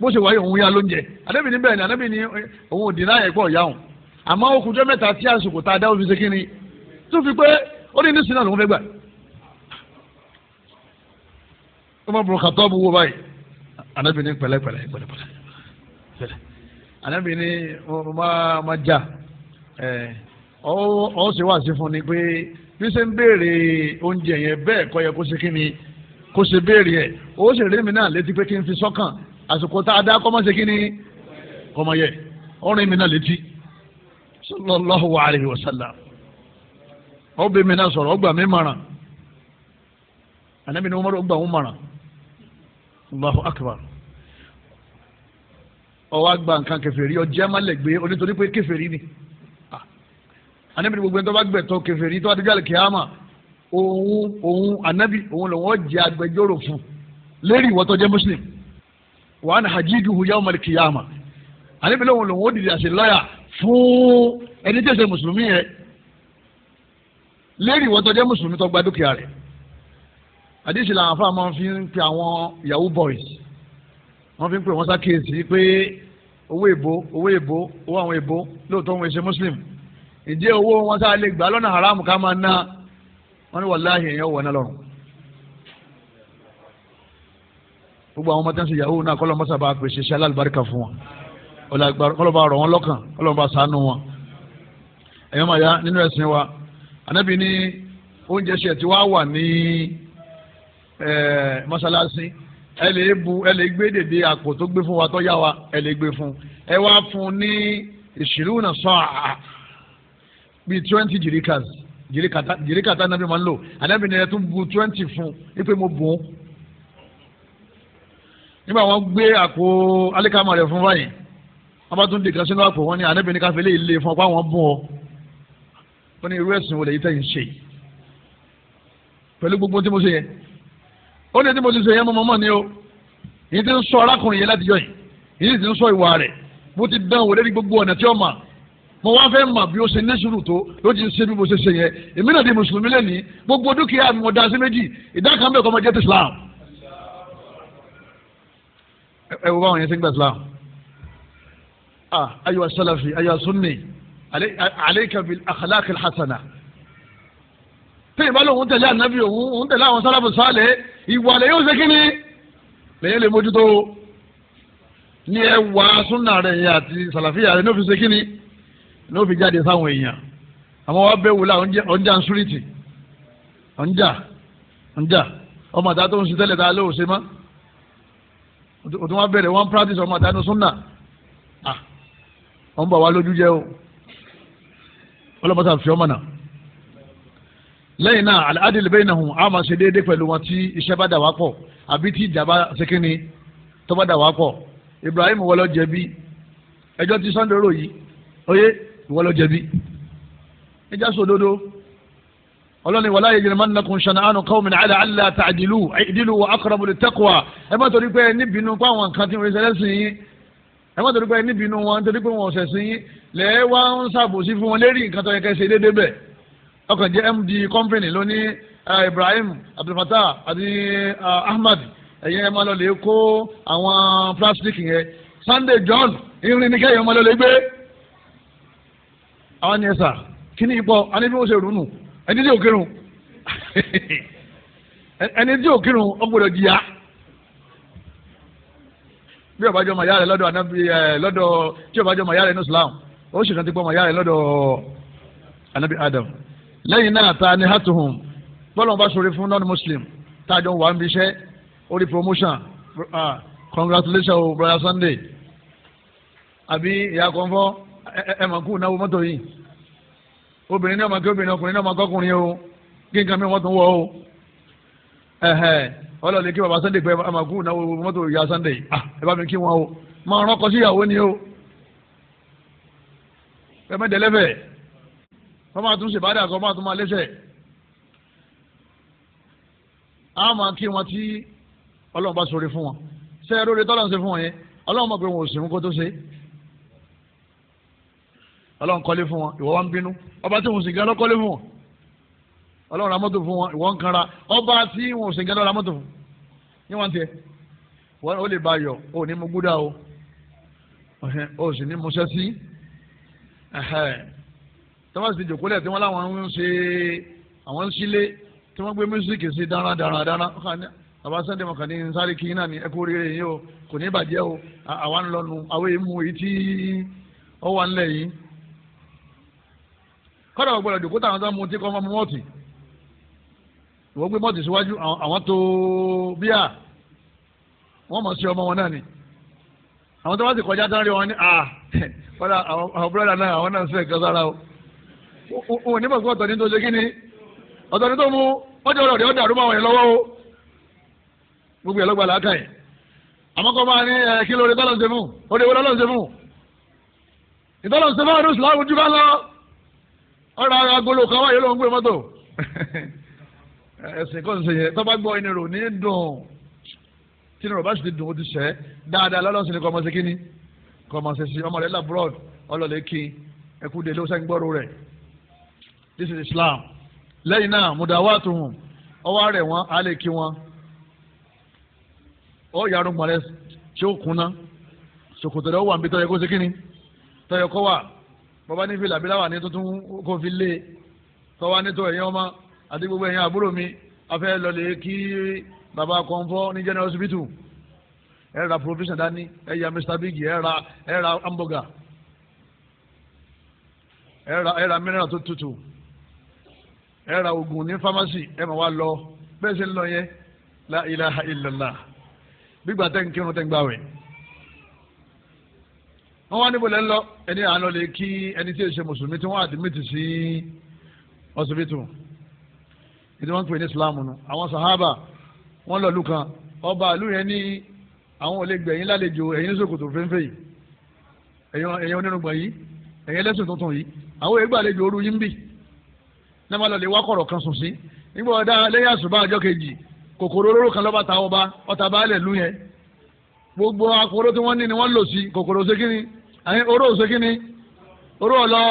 Speaker 1: bó ṣe wáyé òun ya lóúnjẹ anábì ní bẹ́ẹ̀ ni anábì ní eh, òun ò dínà ẹ̀pọ̀ ìyá òun àmọ́ okùn jẹ́ mẹ́ta tí àsìkò tá a dá òfin ṣe kínní tó fi pé ó ní nísìnyí náà lòun fẹ́ gbà. ó má burúkú àtọ́ bu wo báyìí anábì ní pẹ̀lẹ́pẹ̀lẹ́ pẹ̀lẹ́pẹ̀lẹ́ anábì ní má já ọ̀ ṣe wá sí fún ni pé bí ṣe ń béèrè oúnjẹ yẹn bẹ́ẹ̀ kọ́ yẹ kó ṣe kínní kó ṣe béèrè yẹn ó ṣèlérí mi náà létí pé kí n fi sọ́kàn àsìkò tá a dá kọ́ máa ṣe kí ni kọ́mọyẹ ọ̀rìn mi náà létí sallallahu alayhi wa sallam ọbẹ̀ mi náà sọ̀rọ̀ ọgbà mi mara anabi ni wọ́n mọ̀rọ̀ ọgbà wọn mara allahu akbar ọwọ́ àgbà nǹkan kèfèrí ọjẹ́ má lẹ̀ gbé onítorí pé kèfèrí ni anabi ni gbogbo ẹni tó bá gbẹ̀tọ̀ kèfèrí tó adigun alikiyama òun òun anabi òun lòun ọ̀jẹ̀ agbẹjọ́rò fún lérí ìwọ́tọ̀ muslim wà á ní hajijuhu yawmal qiyamah àníbi lóhùn lòun ó dìde àṣẹ lọ́yà fún ẹni tí ó ṣe mùsùlùmí yẹn lérí ìwọ tó jẹ́ mùsùlùmí tó gba dúkìá rẹ̀ àdìsí làwọn afáà máa fi ń pe àwọn yahoo boys wọ́n fi ń pe wọ́n sákèésí pé owó èbó owó èbó owó àwọn èbó lóòótọ́ wọn ṣe muslim ìdí owó wọn sáà lè gbà lọ́nà haram ká máa ná wọ́n ní wàláhì èèyàn wọ̀ ná lọ́rùn gbogbo àwọn ọmọ tí wọ́n ṣe yahoo náà kọ́lọ́ mọ́sá bá pèsè iṣẹ́ alábàríkà fún wọn kọ́lọ́ bá rọ̀ wọ́n lọ́kàn kọ́lọ́ bá ṣàánú wọn. ẹ̀yọ́ màá ya nínú ẹ̀sìn wa anábì ní oúnjẹ ṣe ti wá wà ní mọ́sálásí ẹ lè bu ẹ lè gbé dèdè àpò tó gbé fún wa tó yá wa ẹ lè gbé fún ẹ wá fún ní ìṣèlú náà sọ àà bíi twenty jirikas jirikata jirikata anabi máa ń lò anabi ní ẹ tún bu twenty fún ipe mo bùn nígbà wọn gbé àpò alikama rẹ̀ fún báyìí wọn bá tún dìkan sínú àpò wọn ní ànábì ní káfílẹ̀ ilé fún ọpá wọn bùn ọ wọn ní irú ẹ̀sìn wọlé yìí tẹ̀yìn ṣe pẹ̀lú gbogbo tí mo ṣe yẹn ó ní tí mo ti ṣe yẹn mọ́mọ́mọ́ ni o yìí ti ń sọ arákùnrin yẹn láti jọ yìí yìí ti ń sọ ìwà rẹ̀ mo ti dán wọlé ní gbogbo ọ̀nà tí ó mà mo wá fẹ́ mà bí ó ṣe ní sùúrù tó ló ti ṣe bí mo ṣe ṣe yẹn èmi di mùsùlùmí lẹ́nìí gbogbo dúkìá mi mo dá sí méjì ìdá kan bẹ́ẹ̀ kọ́ máa jẹ́ ti Islam ẹ wo báwọn yẹn ṣe ń gbà islam ah ayiwa salafi ayiwa sunni aleika bil akhlaqil hasana tẹ́yìn bá lóun tẹ̀lé ànábì òun òun tẹ̀lé àwọn sálàfù sálẹ̀ ìwà lẹ́yìn ó ṣe kí ni lẹ́yìn lè mójútó ní ẹ wà súnà rẹ̀ yẹn àti sàlàfíà rẹ̀ ní òfin ṣe kí ni ní òfin jáde sáwọn èèyàn àmọ́ wàá bẹ̀ wùlà ọ̀njà nsúrìtì ọ̀njà ọ̀njà ọmọ àtàtọ̀ ń ṣiṣẹ́ lẹ́ta lóòṣe mọ́ o tún wá bẹ̀rẹ̀ wọ́n practice ọmọ àtàánú súnà à ah, wọ́n bọ̀ wá lójú jẹ́ o ọlọ́mọta fi ọmọ náà lẹ́yìn náà al-adl baynahum a máa ṣe déédéé pẹ̀lú wọn tí iṣẹ́ bá dà wá pọ̀ àbí tí ìjà bá ni tó bá dà wá pọ̀ Ibrahim wọ́n lọ jẹ̀bi ẹjọ́ tí Sunday rò yìí oyè wọ́n lọ ọlọ́ni wàlá yẹ jẹrìmán nàkùn ṣànàánù kọ́ọ̀mìn àlà àlà tàdílù ìdílù wà ákàràbù lè tẹ́kọ̀ọ́ ẹ má torí pé níbinú pé àwọn nǹkan ti ń rẹsẹ̀ lẹ́sìn yín ẹ má torí pé níbinú wọn torí pé wọn ọ̀sẹ̀ sí yín lẹ́ẹ̀ wá ń ṣàbòsí fún wọn lérí nǹkan tó yẹ kẹ́sẹ̀ déédéé bẹ̀ ọkàn jẹ́ md company lónìí Ibrahim Abdulfatah àti Ahmad ẹ̀yẹ́ ẹ ẹni tí ò kírun ẹni tí ò kírun ó gbọ́dọ̀ jìyà bí ọbàjọ màyà rẹ lọ́dọ̀ anabi ẹ lọ́dọ̀ tí ọbàjọ màyà rẹ ní islam ó sì kàn ti gbọ́ màyà rẹ lọ́dọ̀ anabi adam lẹ́yìn náà ta ni hatuhun bọ́lá wọn bá sọ̀rọ̀ fún non muslim tá a jọ wà ń bí iṣẹ́ orí promotion ah congratulations o brother sunday àbí ìyá kan fọ́ ẹ ẹ mọ̀ kú náwó mọ́tò yìí obìnrin náà máa kí obìnrin ọkùnrin náà máa kọkùnrin o kí nǹkan mi wọ́n tún wọ́ o ọlọ́ọ̀lẹ́ kí baba Sunday pé amagun náà wo mọ́tò ìyá Sunday ẹ bá mi kí wọn o máa rán ọkọ ìyàwó ni o ẹ má dẹ́lẹ́fẹ̀ wọ́n máa tún ṣèbádà kan máa tún máa lẹ́sẹ̀ á máa kí wọn tí ọlọ́run bá sọ̀rọ̀ fún wọn ṣé ẹ lóore tọ́lọ́run ṣe fún wọn yẹn ọlọ́run mọ̀ pé wọn ò sìn ọlọ́run kọ́lé fún wọn ìwọ wa ń bínú ọba tí wọn sì gán lọ́kọ́lé fún wọn ọlọ́run ra mọ́tò fún wọn ìwọ ń kanra ọba tí wọn sì gán lọ́ra mọ́tò fún ní wọn tiẹ̀ wọn ò lè ba yọ ò ní mú gúdà o ò sì ní mú sẹ́sí tọ́wọ́n sì jòkó lẹ̀ tí wọ́n láwọn ń ṣe àwọn ń sílé tí wọ́n gbé mísíkì sí dáná dáná dáná bàbá sẹ́ndé mọ̀kàn ní sáré kí náà ní ẹ kú oríire yìí o kò ní bàjẹ́ o àwa ń lọ nu àwọn èèmù èyí tí ó wà ń lẹ̀ yìí kọ́dà wọ́n gbọ́dọ̀ jòkó táwọn sáà mutí kọ́ mọ́ mọ́ọ̀tì ìwọ́n gbé mọ́ọ̀tì síwájú àwọn tó bíà wọ́n mọ̀ sí ọmọ wọn náà ni àwọn tó bá sì kọjá tán rí wọn ní à kọ́dà àwọn búrọ́dà náà àwọn náà ń sẹ́ẹ̀ kan sára o òun ní mọ̀ sí ọ̀tọ̀ ní tó ṣe kí ni ọ̀tọ̀ ní tó mú ọjọ́ rẹ̀ ọ̀dẹ̀ àdúgbò àwọn yẹn lọ́wọ́ o gbogbo ẹlọgba làákà yẹn àmọ́ kọ máa ní ẹ kí lóore tọ́lọ̀ ń ṣe fún òde wo lọ́lọ́ ń ṣe fún ìtọ́lọ̀ ń ṣe fún ọdún ìsìláàmù jù bá lọ ọ̀rọ̀ ara agolo kan wáyé ló ń gbé mọ́tò ẹ̀sìn kan ṣe yẹn tó bá gbọ́ ẹni rò ní dùn tí ní rọ̀bá sì ti dùn ó ti sẹ́ dáadáa lọ́lọ́sìn ni kò mọ̀ sí kíni kò mọ̀ sí sí ọmọ rẹ̀ labrod ọlọ́lẹ̀ kí ẹkú délé ó sẹ́ ń gbọ́rọ̀ rẹ̀ this is Islam lẹ́yìn náà mùdàwátùhùn ọwọ́ rẹ̀ wọ́n á lè kí wọn ó yàrá gbọ̀n rẹ̀ tí ó kúnná ṣòkòtò rẹ̀ ó wà níbi tọ́yẹ kó ṣe kíni tọ́yẹ kó wà bàbá ní fìlà bíláwà ní tuntun kò fi lé tọ́wá nítò ẹ̀yìn ọmọ àti gbogbo ẹ̀yìn àbúrò mi afẹ́ lọ́lẹ̀ kí bàbá kọ̀ǹfọ́ ní general hospital ẹ ra provision dání ẹ ya mr bigi ẹ ra ẹ ra hamburger ẹ ra ẹ ra mineral tó tutù ẹ ra oògùn ní pharmacy ẹ mà wá lọ bẹ́ẹ̀ sì ń lọ yẹn la ilaha illallah gbígbà tẹ́ ń kírun tẹ́ ń wọ́n wá níbo lẹ́ ń lọ ẹni àná lè kí ẹni tí ì ṣe mùsùlùmí tí wọ́n àdìmítì sí ọsibítù ìdí wọ́n ń pè ní ìsìláàmù nu àwọn sàhábà wọ́n lọ lù kan ọba àlù yẹn ní àwọn ò lè gbẹ̀yìn lálejò ẹ̀yin ṣòkòtò fẹ́ńfẹ́ yìí ẹ̀yin onírúgbọ̀n yìí ẹ̀yin ẹlẹ́sìn tuntun yìí àwọn èèyàn gbàlejò ooru yín bì ní wọ́n lọ lè wá kọ̀rọ̀ kan sùn sí nígbà ọ̀dà lẹ́yìn àṣùbà ọjọ́ kejì kòkòrò olóró kan lọ́ba ta ọba ọta baálẹ̀ lù yẹn gbogbo akóró tí wọ́n ní ni wọ́n lò sí kòkòrò ṣe kí ni àyìn oró òsè kí ni oró ọ̀lọ́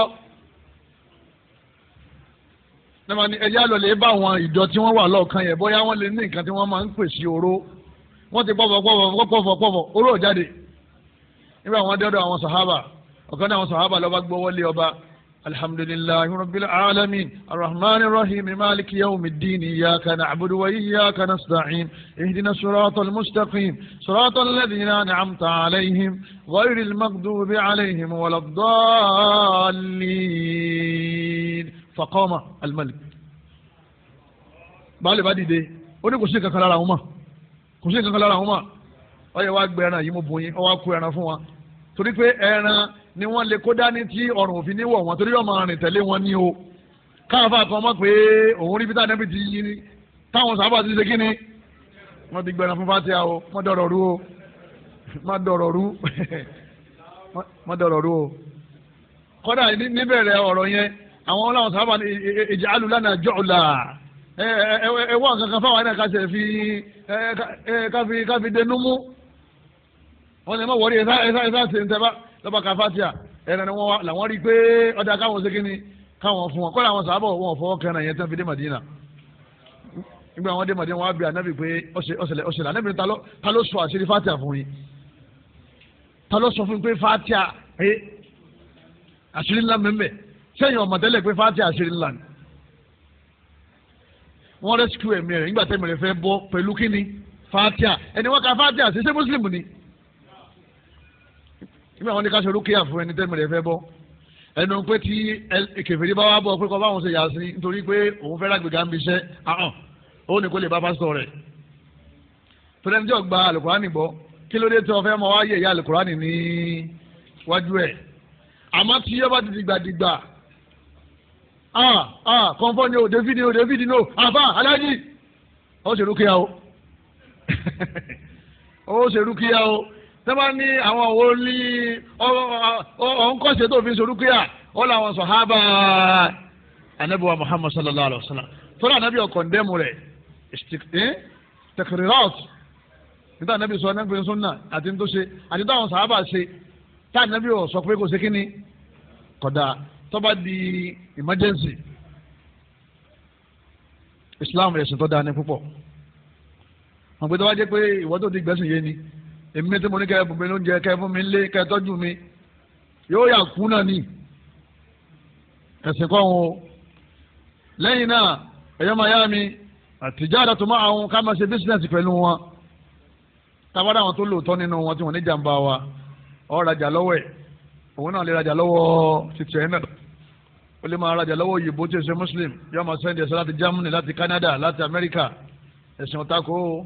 Speaker 1: nígbà ní ẹ̀yà lọ́lẹ̀ bá àwọn ìjọ tí wọ́n wà lọ́ọ̀kan yẹn bóyá wọ́n lè ní nǹkan tí wọ́n máa ń pè sí wọn ti pọ̀fọ̀ pọ̀fọ̀ pọ̀fọ̀ pọ̀fọ̀ oró ò jáde nígbà wọn dé ọ̀dọ̀ àwọn sàhábà ọ̀kan náà àwọn sàhábà ló bá lé ọba الحمد لله رب العالمين الرحمن الرحيم مالك يوم الدين إياك نعبد وإياك نستعين اهدنا الصراط المستقيم صراط الذين أنعمت عليهم غير المغضوب عليهم ولا الضالين فقام الملك بالي بدي دي ó ní kò sí kankan lára àwọn mọ kò sí kankan lára àwọn mọ ó yẹ wá gbé ni wọ́n lè kó dání tí ọrùn òfin níwọ̀ wọn torí ọmọ rìn tẹ̀lé wọn ní o káwọn fà kan mọ̀ pé òun rí peter nẹ́bí ti yí ni táwọn sábà ti ṣe kí ni wọ́n ti gbẹ̀rẹ̀ fún fatia o má dọ̀rọ̀ rú o má dọ̀rọ̀ rú má dọ̀rọ̀ rú o kọ́dà níbẹ̀rẹ̀ ọ̀rọ̀ yẹn àwọn ọlọ́run sábà ní ìjà alùlànà jọ̀ọ̀là ẹ wọ́n kankan fáwọn náà kásẹ̀ fi káfi dẹnu mú wọ́n lè má wọ́rí lọ́ba ka fatia ẹ̀rọ ni wọ́n wá làwọn rí i pé ọ̀dà káwọn ṣe kíni káwọn fún wọn kọ́lá àwọn sàábọ̀ wọn fọwọ́ kẹrin yẹn tán fi dé Madina nígbà wọn dé Madina wọn á bí anabi pé ọ̀sẹ̀lẹ̀ ọ̀sẹ̀lẹ̀ anabi ta ló sọ àṣírí fatia fún yín ta ló sọ fún yín pé fatia pé àṣírí ńlá mẹ́mẹ́ sẹ́yìn ọmọ tẹ́lẹ̀ pé fatia àṣírí ńlá ni wọ́n rescue ẹ̀mí rẹ̀ nígbà tẹ́mi rẹ̀ fẹ́ bọ́ pẹ̀lú kíni fatia ẹni wọ́n ka fatia ṣe ṣe muslim ni nígbà wọn ní ká ṣe rúkìá fún ẹni tẹ́mi rẹ̀ fẹ́ bọ́ ẹnu pé tí kèfèrí bá wà bọ̀ pé kọ́ báwọn ṣe yà sí nítorí pé òun fẹ́ rágbègà ń bi iṣẹ́ ahàn ó ní kó lè bá pásítọ̀ rẹ̀ tọ́lẹ́njọ́ gba alukurani bọ́ kí ló dé tí wọ́n fẹ́ mọ wáyé ìyá alukurani ní wájú ẹ̀ àmọ́ tí yóò bá ti dìgbàdìgbà ah ah kọ́ńfọ́ ni o david ni o david ni o àbá aláàjì ó ṣe rúkìá o ó ṣe rúkìá o sábà ní àwọn wo ní ọ̀nkọ́sẹ̀ tó fi sorúkúyà ó làwọn sàhábà anabiwa muhammad sallallahu alayhi wa sallam tọ́lá anabi ọkọ̀ ndẹ́mu rẹ̀ tẹkirirat níta anabi sọ anabi sọ náà àti tó ṣe àti táwọn sàhábà ṣe tá anabi sọ pé kò ṣe kí ni kódà tọ́ba di emergency islam ẹ̀sìn tó da ní púpọ̀ wọn gbé tó wá jẹ́ pé ìwọ́n di gbẹ́sìn yé ni èmi tí mo ní kẹ́ fún mi lóúnjẹ kẹ́ fún mi lé kẹ́ tọ́jú mi yóò yà kú náà ni ẹ̀sìn kọ́ wọn o lẹ́yìn náà ẹ̀yọ́ máa yá mi àtijọ́ra tó máa àwọn ká máa ṣe bísíǹsì pẹ̀lú wọn tábàdà àwọn tó lòótọ́ nínú wọn tí wọ́n ní jàǹbá wa ọ̀ rajà lọ́wọ́ ẹ̀ òun náà lè rajà lọ́wọ́ títí ẹ̀ náà ó lè máa rajà lọ́wọ́ òyìnbó tí ó ṣe muslim yóò máa sẹ́ndì ẹ̀sẹ̀ láti Germany láti Canada láti America ẹ̀sìn ọ̀tako o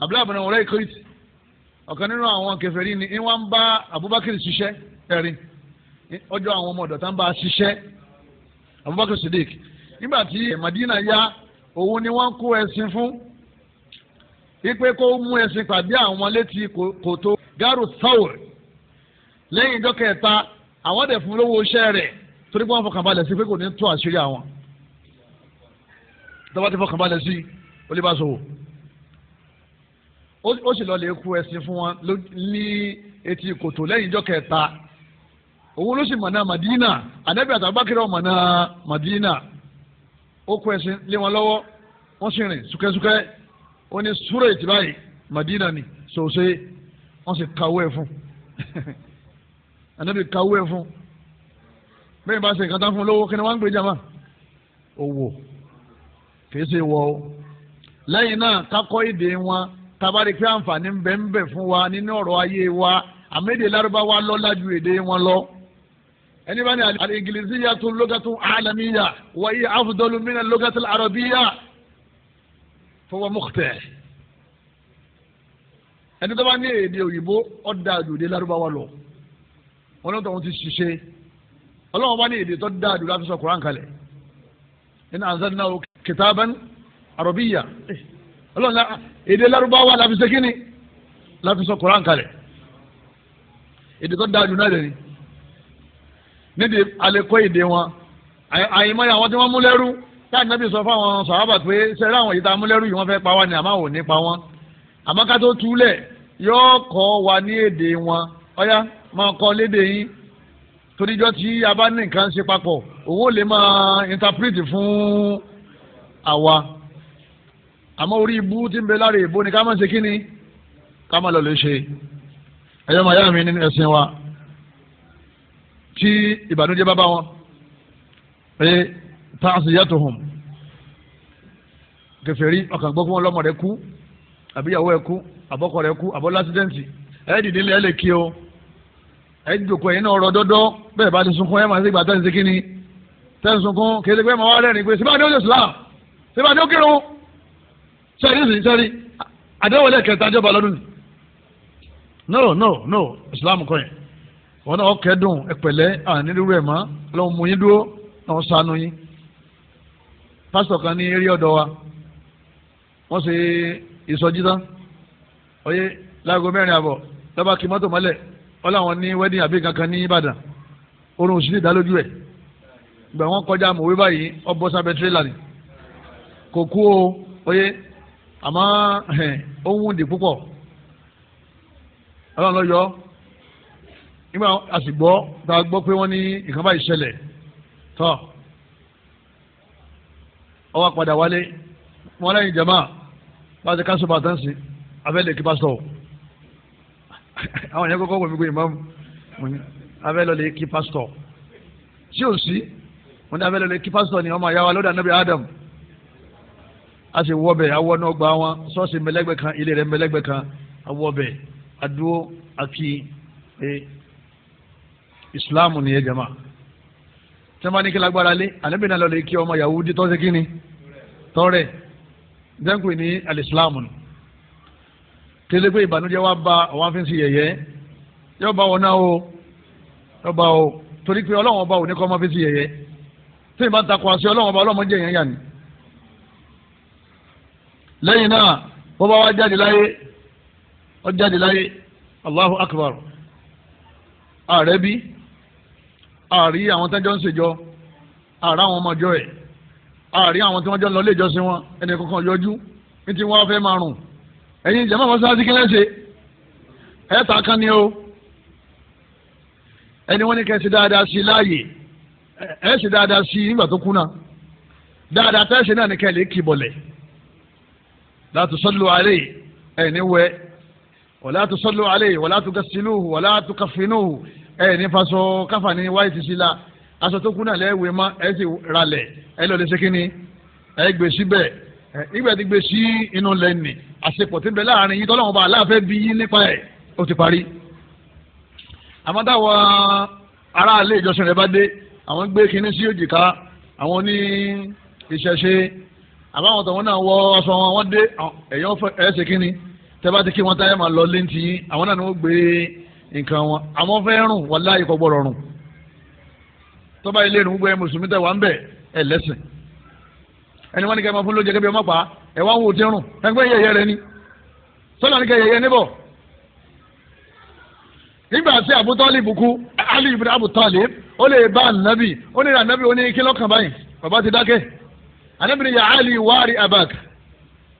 Speaker 1: abdullahi bin ọ̀rẹ́ ìkírìtì ọ̀kan nínú àwọn kèfèrí ni ni wọ́n ń bá abubakar ṣiṣẹ́ ẹ̀rí ọjọ́ àwọn ọmọ ọ̀dọ̀ tá ń bá ṣiṣẹ́ abubakar sadiq nígbà tí madina ya òun ni wọ́n kó ẹṣin fún wípé kó mú ẹṣin pàdé àwọn létí kòtò garu thawr lẹ́yìn ìjọ kẹta àwọn dẹ̀ fún lówó iṣẹ́ rẹ̀ torí pé wọ́n fọkàn balẹ̀ sí pé kò ní tó àṣírí àwọn tọ́ba ti fọkàn sí olùbáṣọwọ́ ó sì lọ lè ku ẹ̀sìn fún wọn ní etí kòtò lẹ́yìn ìjọ kẹta òun ló sì mọ̀nà Madina ànábì àtàbákẹ́rẹ́ ọ̀mọ̀nà Madina ó ku ẹ̀sìn lé wọn lọ́wọ́ wọ́n sì rìn súkẹ́súkẹ́ ó ní súrò ìtìbáyì Madina ni sòsè wọ́n sì kawó ẹ̀ fún ànábì kawó ẹ̀ fún bẹ́ẹ̀ bá ṣe nǹkan tán fún lówó kí ni wọ́n ń gbé jama owó kì í ṣe wọ́ lẹ́yìn náà kákọ́ ìdè wọn tabari pé àǹfààní ń bẹ ń bẹ fún wa nínú ọ̀rọ̀ ayé wa àmẹ́dẹ̀ lárúbáwá lọ́lá ju èdè wọn lọ. ẹni bá ní al-ingiliziyatu lugatun alamiyya wa hiya afdalu min al-lugati al-arabiyya fahuwa mukhtar. ẹni tó bá ní èdè òyìnbó ó dáa ju èdè lárúbáwá lọ wọn wọn ti ṣiṣẹ́ ọlọ́wọ́n bá èdè tó dáa ju láti sọ Kùránì kalẹ̀ inna anzalnahu kitaban arabiyya. Eh ọlọ́run náà èdè lárúbáwá la fi ṣe kíni la fi sọ koran kalẹ̀ èdè tó dáa jù náà lẹ́ni níbi alẹ́kọ́ èdè wọn àyìnbáyé àwọn tí wọ́n mú lẹ́rú táà nàbì sọ fáwọn sàhábà pé sẹ́rẹ́ àwọn ìta mú lẹ́rú yìí wọ́n fẹ́ pa wá ni àmọ́ àwọn ò ní pa wọ́n àmọ́ ká tó túlẹ̀ yóò kọ́ wa ní èdè wọn ọ̀yá máa kọ́ lédè yín toríjọ́ tí a bá ní nǹkan ṣe papọ̀ òun ò lè máa interpret fún àwa àmọ́ orí ibú tí ń bẹ lára ìbò ni ká máa ṣe kí ni ká máa lọ lè ṣe ẹ̀yọ́ màá yá mi nínú ẹ̀sìn wa tí ìbànújẹ́ bá bá wọn pé táàsì yàtọ̀ hàn kẹfẹ́rí ọkàn gbọ́ fún ọlọ́mọ rẹ kú àbíyàwó ẹ kú àbọ́kọ rẹ kú àbọ́ lásídẹ́ǹtì ẹ̀ dìde ilé ẹ lè kí o ẹ̀ jòkó ẹ̀yin náà rọ dọ́dọ́ bẹ́ẹ̀ bá ti sunkún ẹ̀ máa ṣe ìgbà tẹ́ kí ni tẹ́ sunkún kí ẹ ti pẹ́ máa wá rẹ́rìn pé síbáàdé ó ṣe sùlá síbáàdé ó kírun sẹ́rí sì sẹ́rí àdéhùn ẹlẹ́kẹta jọba lọ́dún ni no no no islam kọ́ yẹn wọn náà kẹ́dùn ẹ̀pẹ̀lẹ́ ànílùú rẹ̀ mọ́ ọlọ́run mú yín dúró náà sànú yín pásítọ̀ kan ní eré ọ̀dọ̀ wa wọ́n ṣe ìsọjí tán oyè láago mẹ́rin àbọ̀ lọ́ba kí mọ́tò mọ́lẹ̀ ọlọ́run ní wedding àbí kankan ní ìbàdàn orun òsì ìdálójú ẹ̀ gbẹ̀ wọ́n kọjá mọ̀wé báyìí ọbọ̀ sábẹ́ tírélà ni kò kú o oyè àmọ́ ohun dì púpọ̀ ọlọ́run lọ yọ nígbà àsìgbọ́ tá a gbọ́ pé wọ́n ní nǹkan báyìí ṣẹlẹ̀ tọ́ ọwọ́ padà wálé wọn lẹ́yìn jama láti káṣọ bàtà ń sìn abẹ́lẹ̀ kí pásítọ̀ àwọn yẹn kọ́kọ́ wọ̀ mí pé ìmáàmù abẹ́lẹ̀ lè kí pásítọ̀ sí ò sí wọn ní abẹ́lẹ̀ lè kí pásítọ̀ ni ọmọ àyàwó alódà nàbí Adam a sì wọbẹ̀ awọ náà gba wọn sọ́ọ̀sì mẹlẹ́gbẹ̀ kan ilé rẹ̀ mẹlẹ́gbẹ̀ kan awọbẹ̀ adúró àti ìsìláàmù nìyẹn jama tí wọ́n bá ní kí lágbára lé ànábì náà lọ́lẹ̀ kí ọmọ Yahudi tọ́sí kínni tọ́rẹ̀ dẹ́kun ní alìsìláàmù ni tẹ́lẹ̀ pé ìbànújẹ́ wa ba àwọn afẹ́ sí yẹ̀yẹ́ yóò bá wọn náà o yóò bá o torí pé ọlọ́wọ́n bá òní kọ́ ọmọ afẹ́ sí tí ìbá takò àṣẹ ọlọ́wọ́n bá ọlọ́wọ́n jẹ̀yẹ́ yàn ni lẹ́yìn náà wọ́n bá wá jáde láyé ó jáde láyé allahu akbar ààrẹ bí ààrí àwọn tẹ́jọ́ ń ṣèjọ ààrá àwọn ọmọjọ́ ẹ̀ ààrí àwọn tí wọ́n jọ ń lọ ilé ìjọsìn wọn ẹnì kankan yọjú ní tí wọ́n fẹ́ máa rùn ẹ̀yin ìjàmbá wọn sáà sí kílẹ̀ ṣe ẹ̀ ta kan ni o ẹni wọ́n ní kẹ́ ṣe dáadáa sí láàyè ẹ ṣe dáadáa sí nígbà tó kú náà dáadáa tẹ́ ṣe náà ní kẹ́ lè kì bọ̀lẹ̀ la tusallu alayhi ẹ̀ ní wẹ̀ wala tusallu alayhi wala tugassiluhu wala tukaffinuhu ẹ̀ ní faṣọ káfà ní wáyé ti sí la aṣọ tó kú náà lẹ́wẹ̀ẹ́ má ẹ̀ sì ralẹ̀ ẹ̀ lọ́ọ́ lè ṣe kínní ẹ̀ gbé síbẹ̀ ìgbà tí gbé sí inú lẹ́nì àṣepọ̀ tí ń bẹ láàrin yìí tọ́lọ́mọba aláàfẹ́ bí yín nípa ẹ̀ ó ti parí. àmọ́ táwọn aráàlú ìjọsìn rẹ̀ bá dé àwọn gbé kinní sí òjìká àwọn ní ìṣẹ̀ṣe àbáwọn tọ̀wọ́n náà wọ aṣọ wọn wọ́n dé ẹ̀yọ́ ẹ̀ṣẹ̀ kínní tẹ́ bá ti kí wọn táyà máa lọ léǹtì yín àwọn náà ni wọ́n gbé nǹkan wọn àwọn fẹ́ rùn wọ́n láàyè kọ́ gbọ́dọ̀ rùn tọ́ba ilé ìrùn gbé mùsùlùmí tẹ̀ wá ń bẹ̀ ẹ̀ lẹ́sìn ẹni wọn ni kẹ́ ẹ máa fún lóúnjẹ kẹ́bi ọmọ pa ẹ̀ wá ń wò tí rùn ẹgbẹ́ yẹyẹ rẹ ni sọ́nà anábìrin ya ali wari abak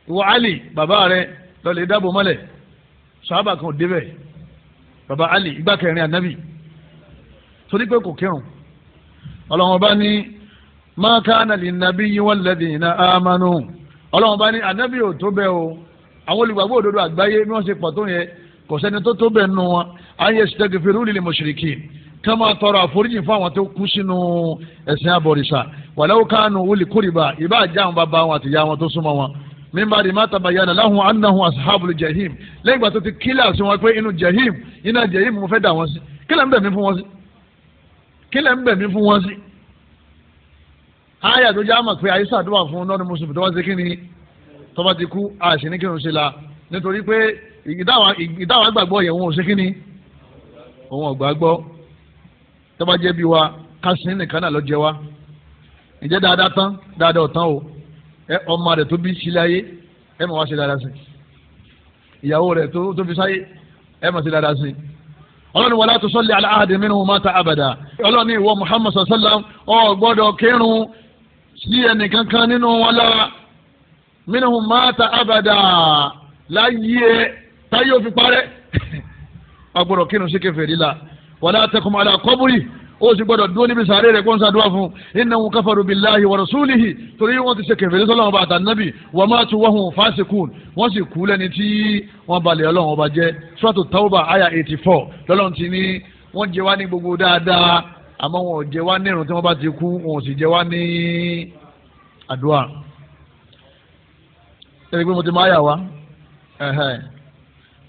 Speaker 1: ìwọ ali bàbá rẹ lọlẹ dábò mọ́lẹ̀ sọhábà kan ò débẹ̀ bàbá ali ìgbà kẹrin anabi torí pé kò kírun ọlọ́run bá ní ma kana lin nabiyyi walladhina amanu ọlọ́run bá ní anabi ò tó bẹ́ẹ̀ o àwọn olùgbàgbọ́ òdodo àgbáyé bí wọ́n ṣe pọ̀ tó yẹ kò sẹ́ni tó tó bẹ́ẹ̀ nù wọn ayé sitagifiru lil mushrikin Kama máa tọrọ àforíjì fún àwọn tó kú sínú ẹ̀sìn abọ̀rìṣà wàláwó kánú wuli kúrìbà ìbá àjẹ́ àwọn bàbá wọn àtìyá wọn tó súnmọ́ wọn mímba di máta bayana anahun asahabul jahim lẹ́yìn ìgbà tó ti kílà sí wọn pé inú jahim iná jahim mo fẹ́ dà wọ́n sí kílẹ̀ ń bẹ̀ mí fún wọn sí kílẹ̀ ń bẹ̀ mí fún wọn sí. aya tó já mà pé àyíṣà tó wà fún nọ́ọ̀nù mùsùlùmí tó bá ni tó bá ti kú la nítorí pé ìdáwà gbàgbọ́ yẹn òun ò ni òun tó bá jẹ́ bí wa kásìn nìkan náà ló jẹ wa ǹjẹ́ dáadáa tán dáadáa ọ̀tán o ẹ ọmọ rẹ̀ tó bí sílẹ̀ ayé ẹ mọ̀ wá sí dáadáa sí ìyàwó rẹ̀ tó fi sáyé ẹ mọ̀ sí dáadáa sí ọlọ́ni wàlá tó sọ́lé aláhàdì mínú mata abàdà ọlọ́ni ìwọ muhammad sallam ọ gbọ́dọ̀ kírun sí ẹnìkankan nínú wọn lára mínú mata abàdà láyé táyé òfin parẹ́ ọ kírun sí kèfèrí la wàlá tẹkùn àlà kọ́bùrì ó sì gbọ́dọ̀ dúró níbi sàárè rẹ̀ kó sàdúrà fún innahum kafaru billahi wa rasulihi torí wọ́n ti ṣe kèfèrí sọ́lọ́wọ́n bá àtànábì wa matu wa hum fasiqun wọ́n sì kú lẹ́ni tí wọ́n balẹ̀ ọlọ́run ọba jẹ́ suratu tawba aya eighty four lọ́lọ́run ti ní wọ́n jẹ wá ní gbogbo dáadáa àmọ́ wọn ò jẹ wá ní ìrùn tí wọ́n bá ti kú wọn ò sì jẹ wá ní àdúrà. ẹ̀rí pé mo ti máa yà wá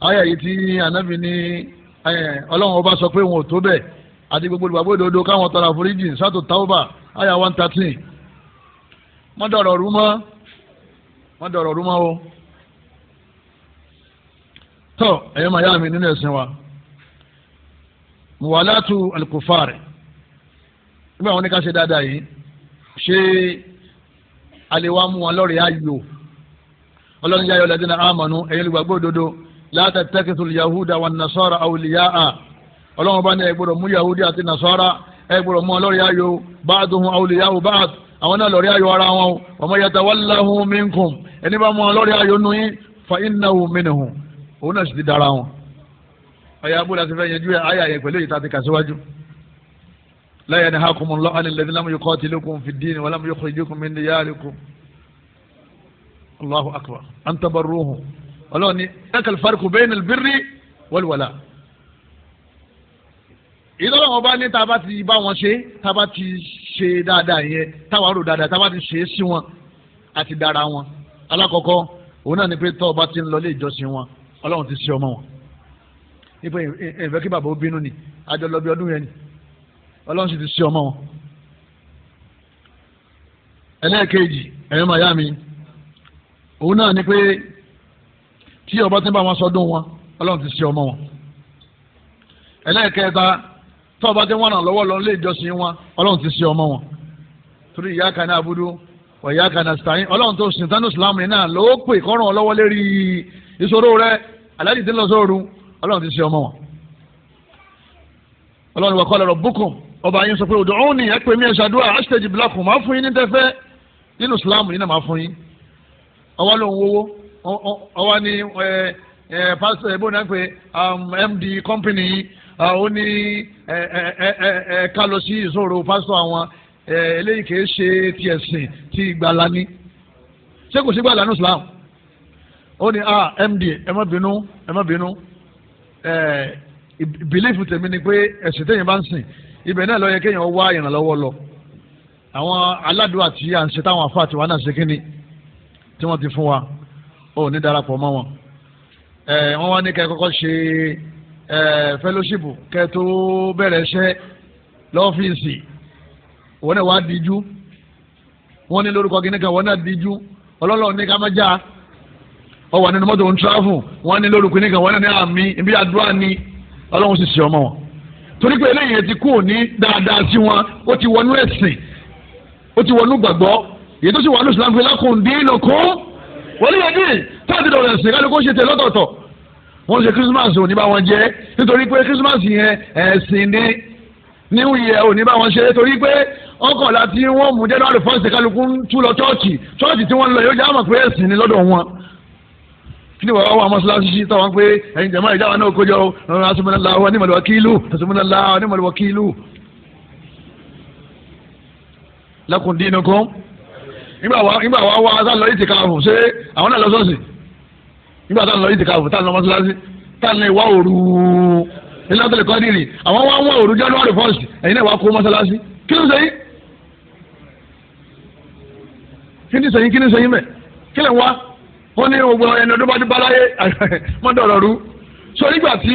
Speaker 1: aya yìí tí ànábì ní ọlọ́run ọba sọ pé wọn ò tó bẹ́ẹ̀ àti gbogbo olùgbàgbọ́ òdodo káwọn tọrọ àforíjì sátò táwọ́bà àyà one thirteen wọ́n dọ̀rọ̀ rú mọ́ wọ́n dọ̀rọ̀ rú mọ́ o tọ́ ẹ̀yẹ́ màá yá mi nínú ẹ̀sìn wa muwalatu alkufari nígbà wọn ní ká ṣe dáadáa yìí ṣé alẹ́ wa mú wọn lọ́rẹ̀ẹ́ ayò ọlọ́run yáyọ lẹ́dínà àmọ́nú ẹ̀yẹ́ olùgbàgbọ́ òdodo láti tẹ́kìtù yahuda wa nasara awliyaa ọlọ́run bá ní ẹ gbọ́dọ̀ mú yahudi àti nasara ẹ gbọ́dọ̀ mú ọlọ́rìí ayò báàdùn awliyaa báàd àwọn náà lọ́rìí ayò ara wọn wa man yatawallahu minkum ẹni bá mú ọlọ́rìí ayò nù yín fa innahu minhum òun náà sì ti dára wọn. ọ̀yà abúlé àti fẹ́ yẹjú ayé àyè pẹ̀lú èyí tá a ti kà síwájú ọlọ́run ní dákàlù fárikù bẹ́ẹ̀ ní bírí wọ́lùwọ́lá. ìdọ́lọ́ wọn bá ní tá a bá ti bá wọn ṣe tá a bá ti ṣe dáadáa yẹn táwa rò dáadáa tá a bá ti ṣe é sí wọn àti dára wọn alákọ̀ọ́kọ́ òun náà ni pé tọ́ ọ bá ti ń lọ ilé ìjọsìn wọn ọlọ́run ti ṣe ọmọ wọn ipe ìfẹ́ kí bàbá ó bínú ni àjọ lọ bí ọdún yẹn ni ọlọ́run sì ti ṣe ọmọ wọn. ẹlẹ́ẹ̀kejì ẹ̀yọ́ màyá mi òun náà ni pé tí ọba tí ń bá wọn sọdún wọn ọlọ́run ti ṣe ọmọ wọn. ẹlẹ́ẹ̀kẹta tó ọba tí wọ́n ràn lọ́wọ́ lọ lé ìjọsìn wọn ọlọ́run ti ṣe ọmọ wọn. torí ìyá kan náà abudu wọ ìyá kan náà sitayin ọlọ́run tó sìn tánú islam yìí náà ló pè kọ́ràn lọ́wọ́ lérí ìṣòro rẹ aláàjì tí ń lọ sóoru ọlọ́run ti ṣe ọmọ wọn. ọlọ́run wà kọ́lẹ̀ rọ̀ ọba yín sọ pé ud'uni ẹ pè mí ẹ ṣàdúrà hashtag black hole fún yín ní tẹ́fẹ́ nínú islam yìí náà máa fún yín ọwọ́ lòun wọ́wọ́ ọwọ́ ni pásítọ̀ ẹ̀ bó náà md um, company yìí uh, ó ní ẹ̀ka lọ sí ìṣòro pásítọ̀ àwọn eléyìí kìí ṣe ti ẹ̀sìn ti ìgbàlá ní ṣé kò sí gbàlá ní Islam ó ní ah, md ẹ má bínú ẹ má bínú belief tèmi ni pé ẹ̀sìn téèyàn bá ń sìn ibẹ̀ náà ló yẹ kéèyàn wá ìrànlọ́wọ́ lọ àwọn aládùúgbò àti àǹṣe táwọn afáàtì wa náà ṣe kí ni tí wọ́n ti fún wa ó ní darapọ̀ mọ́ wọn ẹ wọ́n wá ní kẹ́ kọ́kọ́ ṣe ẹ fẹlóṣìpù kẹ́ tó bẹ̀rẹ̀ iṣẹ́ lọ́fíìsì wọn náà wá díjú wọ́n ní lórúkọ kìíní kan wọ́n náà díjú ọlọ́lọ́ ní ká má já ọ wà nínú mọ́tò ń tíráfù wọ́n ní lórúkọ kìíní kan wọ́n náà ní àmì ibi àdúrà ni ọlọ́run sì ṣe ọmọ wọn torí pé eléyìí ti kú òní dáadáa sí wọn ó ti wọnú ẹ̀sìn ó ti wọnú gbàgbọ́ èyí tó sì wọnú ìsìlámù wọlé yẹn dìrì tó àti dọ̀rọ̀ ẹ̀sìn kálukú ṣe tẹ lọ́tọ̀ọ̀tọ̀ wọ́n ṣe kírísímàsì òní bá wọn jẹ nítorí pé kírísímàsì yẹn ẹ̀sìn ni new year òní bá wọn ṣe torí pé ọkọ̀ọ̀la tí wọ́n mú january first kálukú tún lọ chọ́ọ̀chì chọ́ọ̀chì tí wọ́n lọ yóò já mọ̀ pé ẹ̀sìn ni lọ́dọ̀ wọn kí ni wàá wà mọ́ṣáláṣí sí táwọn pé ẹ̀yin jẹ̀mọ́ ìjáwá náà kójọ ọ̀rọ̀ asúmọ̀lá wa ní mọ̀lúwà kílù asúmọ̀lá wa ní mọ̀lúwà kílù lakum dinukum nígbà wa nígbà wa wá sá lọ ìtìká fún ṣé àwọn náà lọ sọ́ọ̀sì nígbà tá lọ ìtìká fún tá lọ mọ́sálásí tá lọ ìwá òru nílátọ̀ lẹ́kọ́ dìrì àwọn wá wá òru January first ẹ̀yin náà wá kó mọ́sálásí kí ló ń sẹ́yìn kí ni sẹ́yìn kí ni sẹ́yìn mẹ́ kí lè wá wọ́n ní gbogbo ẹni ọdún bá dé báláyé mọ́dọ̀rọ̀ rú so nígbà tí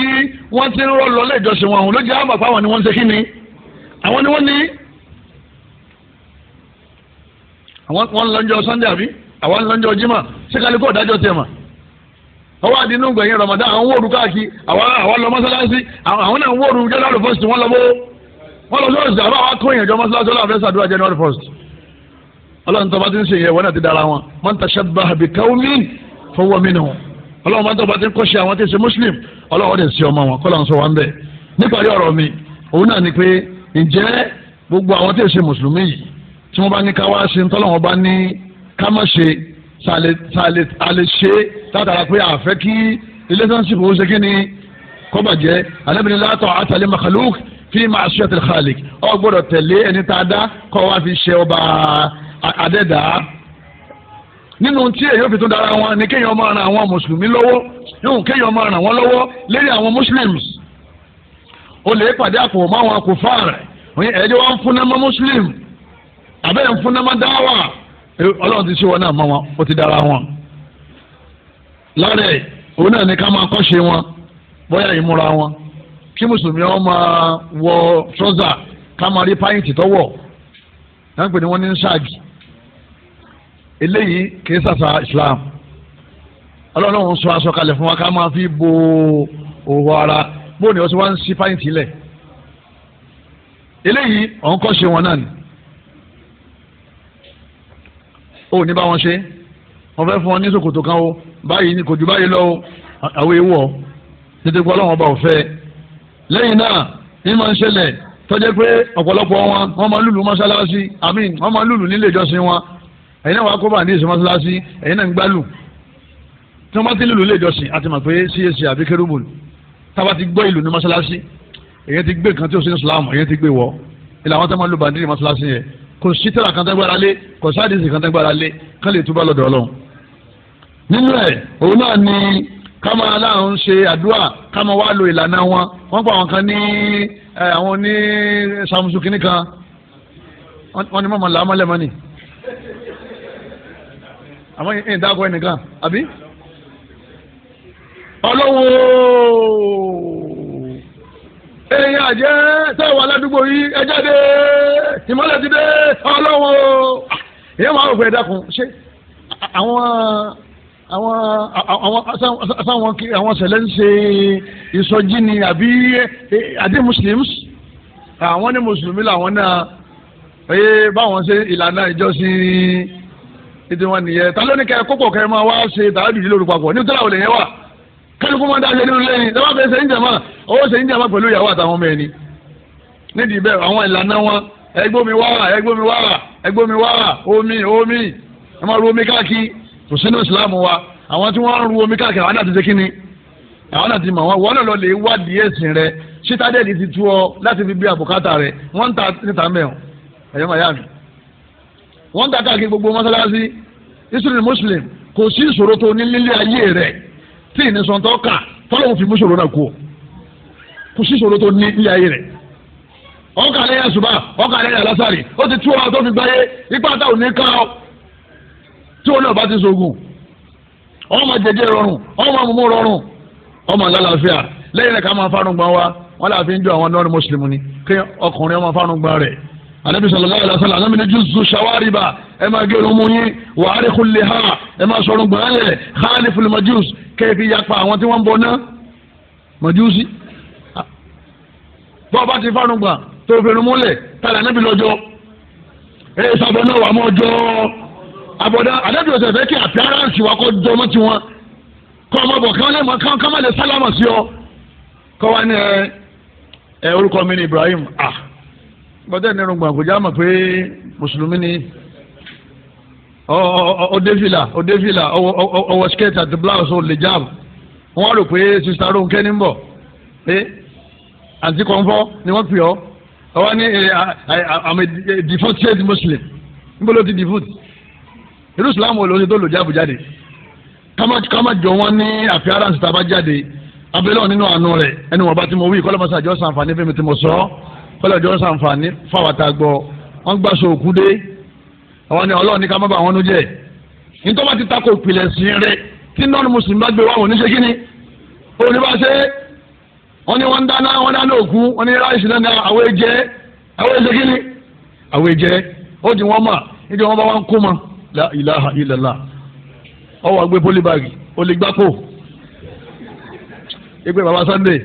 Speaker 1: wọ́n ti ń rọ́ lọ lẹ́ẹ̀jọsìn wọn òun ló jẹ́ àmọ̀ ni wọ́n ń ṣe kí ni àwọn ni wọ́n ní àwọn wọn lọ́njọ́ sunday àbí àwọn lọ́njọ́ jimá ṣé kálukú ọ̀dájọ́ tiẹ̀ mà ọwọ́ àdínú gbẹ̀yìn ramadan àwọn wóoru káàkiri àwọn lọ mọ́sálásí àwọn náà wóoru january first wọ́n lọ bó wọ́n lọ sọ́ọ̀sì àbá wa kóyìn ẹ̀jọ́ mọ́sálásí ọlọ́run fẹ́ sàdúrà january first ọlọ́run tó bá ti ń ṣe yẹ wọ́n náà ti dára wọn man tashabbaha bi qawmin fahuwa minhum ọlọ́run bá tó bá ti ń kọ́ṣe àwọn tí ń ṣe muslim ọlọ́run ọdẹ sí ọmọ wọn kọ́ lọ́n sọ wọn bẹ́ẹ̀ níparí ọ̀rọ̀ mi òun náà ni pé ǹjẹ́ gbogbo àwọn tí ń ṣe mùsùlùmí tí wọ́n bá ní ká wá ṣe ńtọ́lọ́ wọn bá ní ká má ṣe sàlẹ̀ ṣe látara pé àfẹ́ kí relationship ó ṣe kí ni kó bàjẹ́ alábìnrin látọ̀ àtàlẹ́ makhluk fi máa ṣe àtẹlẹ khalik ọ gbọ́dọ̀ tẹ̀lé ẹni tá a dá kó wá fi ṣe ọba adẹ́dàá nínú tí èyí ò fi tún dára wọn ni kéèyàn máa ran àwọn mùsùlùmí lọ́wọ́ yóò kéèyàn máa ràn wọ́n lọ́wọ́ lérí àwọn muslims ó lè pàdé àpò mọ́ àwọn ẹ̀jẹ̀ wọn fún abẹ́rẹ́ fúnnamá dáwà ọlọ́run ti ṣe wọn náà mọ́ wọn ó ti dára wọn. lára ẹ̀ òun náà ní ká máa kọ́ṣe wọn bóyá ìmúra wọn kí mùsùlùmí wọn máa wọ trọ́zà ká máa rí páyìntì tọ́wọ̀ dáńpé ni wọ́n ní ṣáàgì eléyìí kì í ṣàṣà Islam ọlọ́run sọ aṣọ kalẹ̀ fún wa ká máa fi bo òwò ara bóun ni wọ́n ti wá ń ṣí páyìntì lẹ̀ eléyìí ọ̀nkọ́ṣe wọn náà ni. ó ní bá wọn ṣe wọn fẹ́ fún ọ ní ṣòkòtò kan o báyìí ni kò ju báyìí lọ o àwọn ewu ọ tètè gbọ́ ọlọ́wọ́n ọba ọ̀fẹ́ lẹ́yìn náà ní máa ń ṣẹlẹ̀ tọ́jẹ́ pé ọ̀pọ̀lọpọ̀ wọn wọ́n máa ń lùlù mọ́ṣáláṣí àmì wọ́n máa ń lùlù nílé ìjọsìn wọn ẹ̀yin náà wàá kó bá ní ìsìn mọ́ṣáláṣí ẹ̀yin náà ń gbálù tí wọ́n bá ti lùlù nílé ìjọsìn àti mọ̀ pé csc àbí kérúbùl táwa ti gbọ́ ìlù ní mọ́ṣáláṣí èyí ti gbé nǹkan tí ó sí ní sùlámù èyí ti gbé wọ́ ilé àwọn tó máa lù bàndínlì mọ́ṣáláṣí yẹn kò sí tírà kan tẹ́gbára lé kò sáàdìsì kan tẹ́gbára lé kán lè túbọ̀ lọ́dọ̀ ọlọ́run. nínú ẹ̀ òun náà ni káma aláàrùn ṣe àdúrà káma wá lo ìlànà wọn wọ́n pa àwọn kan ní àwọn ní samusu kìnnì kan wọ́n ní mọ̀mọ́ làámọ́lẹ̀ mọ́ni àmọ́ yìí ń dákọ̀ ẹnìkan àbí. ọlọ́wọ́ ẹ̀yin àjẹ́ sẹ́wọ̀n aládùúgbò yìí ẹ jáde ìmọ́lẹ̀ ti dé ọlọ́wọ́ ìyẹn máa ń fẹ́ dákun ṣé àwọn àwọn àwọn sáwọn àwọn ṣẹlẹ̀ ń ṣe ìsọjí ni àbí àdé muslims àwọn ní mùsùlùmí làwọn náà ẹ báwọn ṣe ìlànà ìjọsìn ìdíwọ̀n nìyẹn ta ló ní kẹ́ kókò kẹ́ máa wá ṣe tàbí ìdílé olùpapọ̀ ní tẹ́lẹ̀ àwọn èèyàn wà
Speaker 2: kálukú máa ń dáṣe nínú lẹ́yìn lọ́wọ́ fẹ́ sẹ́yìn jàmá
Speaker 1: owó sẹ́yìn jàmá pẹ̀lú ìyàwó àtàwọn ọmọ ẹni nídìí bẹ́ẹ̀ àwọn ìlànà wọn ẹgbómi wá ẹgbómi wá ẹgbómi wá omi omi ẹ máa ru omi káàkiri kò sínú ìsìlámù wa àwọn tí wọ́n ń ru omi káàkiri àwọn náà ti ṣe kí ni àwọn náà ti mọ̀ wọ́n wọ́n náà lọ lè wádìí ẹ̀sìn rẹ sítádẹ́ẹ̀lì ti tú ọ láti fi bí àbùkátà rẹ wọ́n ń ta níta mẹ́ọ̀ ẹ̀yọ́ màyá mi wọ́n ń ta káàkiri gbogbo mọ́sálásí islam muslim kò sí ìṣòro tó ní nílé ayé rẹ̀ tí ì ní sọ tó kà tọ́lọ́hún fi mú ṣòro náà kú kò sí ṣòro tó ní ilé ayé rẹ̀ ọkà lẹ́yìn àṣùbà ọkà lẹ́yìn alásàrì ó ti tú ọ tó fi gbáyé ipá tá ò ní ká ọ tí òun náà bá ti sọgùn ọmọ jẹjẹ rọrùn ọmọ mọmọ rọrùn ọmọ lálàáfíà lẹ́yìn rẹ̀ ká máa fárun gbọ́n wa wọn là fi ń jọ àwọn nọ́ọ̀nì mùsùlùmí ni kí ọkùnrin ọmọ fárun gbọ́n rẹ̀
Speaker 2: anabi sallallahu alaihi wasallam anamini juzu shawariba
Speaker 1: ẹ máa gé irun yín wàhálì kulè ha ẹ máa sọrun gbọ́n yẹ khalifu majus kẹ́ẹ̀fì yapa àwọn tí wọ́n ń bọ náà mọ̀júsí. bọ́ọ̀ bá ti fárun gbà tó o fẹ́ràn múlẹ̀ tààlà níbi lọ́jọ́ ẹ̀ sábẹ́ náà wà á mọ́ ọjọ́ àbọ̀dá àdébìyẹ ọ̀sẹ̀ fẹ́ kí àpẹ́rẹ́ǹsì wa kọ́ jọ mọ́ tiwọn kọ́ ọmọ bọ̀ kán lè mọ kán kán má lè sálámà sí ọ kọ́ wa ní ẹ orúkọ mi ni Ibrahim ah gbọ́dọ̀ nírun gbàǹkó já mọ̀ pé mùsùlùmí ni ọdẹ́fìlà ọdẹ́fìlà ọwọ́ skirt àti blouse olèjàm wọ́n rò pé sista Rónkẹ́ ní bọ̀ pé àti kọ́ńfọ́ ni wọ́n pè ọ́ ọwọ́ ní àmì eh, defaulted muslim níbo ló ti default irú islam wo ló ti tó lò jáàbù jáde kámá jọ wọn ní appearance tá a bá jáde abẹ́lẹ́ nínú àánú rẹ̀ ẹni wọ́n bá ti mọ wí kọ́lọ́ mọ́sá jọ́ sàǹfààní fẹ́mi tí mo sọ kọ́lọ́ jọ́ sàǹfààní fáwọn àtàgbọ́ wọ́n gbàsó òkú dé àwọn ni ọlọ́run ní ká má bà wọn nú jẹ́ nítorí wọn ti takò ìpìlẹ̀ sí rẹ tí nọ́ọ̀nù mùsùlùmí bá gbé wá òní kí ni òní bá ṣe wọn ni wọn dáná wọn dáná òkú wọn ni ráìsì náà ní àwọn ẹ̀jẹ̀ àwọn ẹ̀jẹ̀ kí ni àwọn ẹ̀jẹ̀ ó di wọn mà níbi wọn bá wọn kó ma la ilaha illallah ọwọ́ àgbẹ̀ pólíbàgì olùgbàpò ìgbẹ́ baba Sunday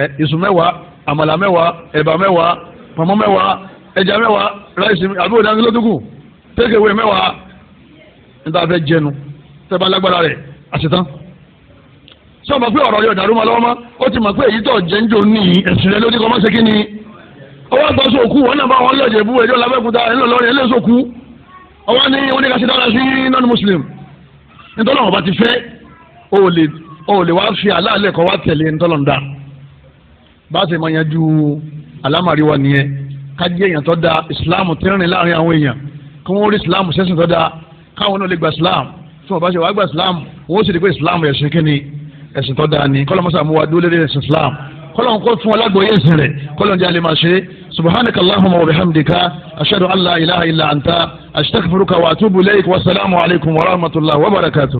Speaker 1: ẹ ìsùn mẹ́wàá àmàlà mẹ́wàá ẹ̀bà mẹ́wàá pọ̀nmọ́ mẹ́wàá ẹja mẹ́wàá ráìsì àbí òdàgbẹ́lódùkù tékèwé mẹ́wàá níta fẹ́ jẹnu tẹ́bá lágbára rẹ̀ àṣetán ṣé o mọ̀ pé ọ̀rọ̀ yóò dàrú ma lọ́wọ́ mọ́ ó ti mọ̀ pé èyí tó jẹ́ ń jò ní ẹ̀sìn rẹ lórí kọ́mọ́sí kí ni ọwọ́ àgbà sóòkú wọn náà bá wọn lọ́jẹ̀ bú ẹjọ́ làbẹ́kúta ẹlọ́lọ́rin ẹlẹ́sọ̀kú ọwọ́ ní oníkàṣẹ́ dára sí non-muslim nítorí àwọn ọba ti fẹ́ o lè wá fi aláàlẹ̀ kọ́ wá tẹ̀lé nítorí ọ̀dà bá a da ìsìláàmù tẹ́rìn láàrin àwọn kí wọ́n rí islam sẹ́sìn tó dáa káwọn náà lè gba islam tí wọ́n bá ṣe wàá gba islam wọ́n sì rí pé islam ẹ̀sìn kí ni ẹ̀sìn tó dáa ni kọ́lọ́ mọ́sá mú wa dúró lórí ẹ̀sìn islam kọ́lọ́ ń kó fún wa lágbóyè ẹ̀sìn rẹ̀ kọ́lọ́ ń jẹ́ alẹ́ máa subhanaka allahumma wa bihamdika ashhadu an ilaha illa anta astaghfiruka wa atubu ilayk wa alaykum wa rahmatullahi wa barakatuh.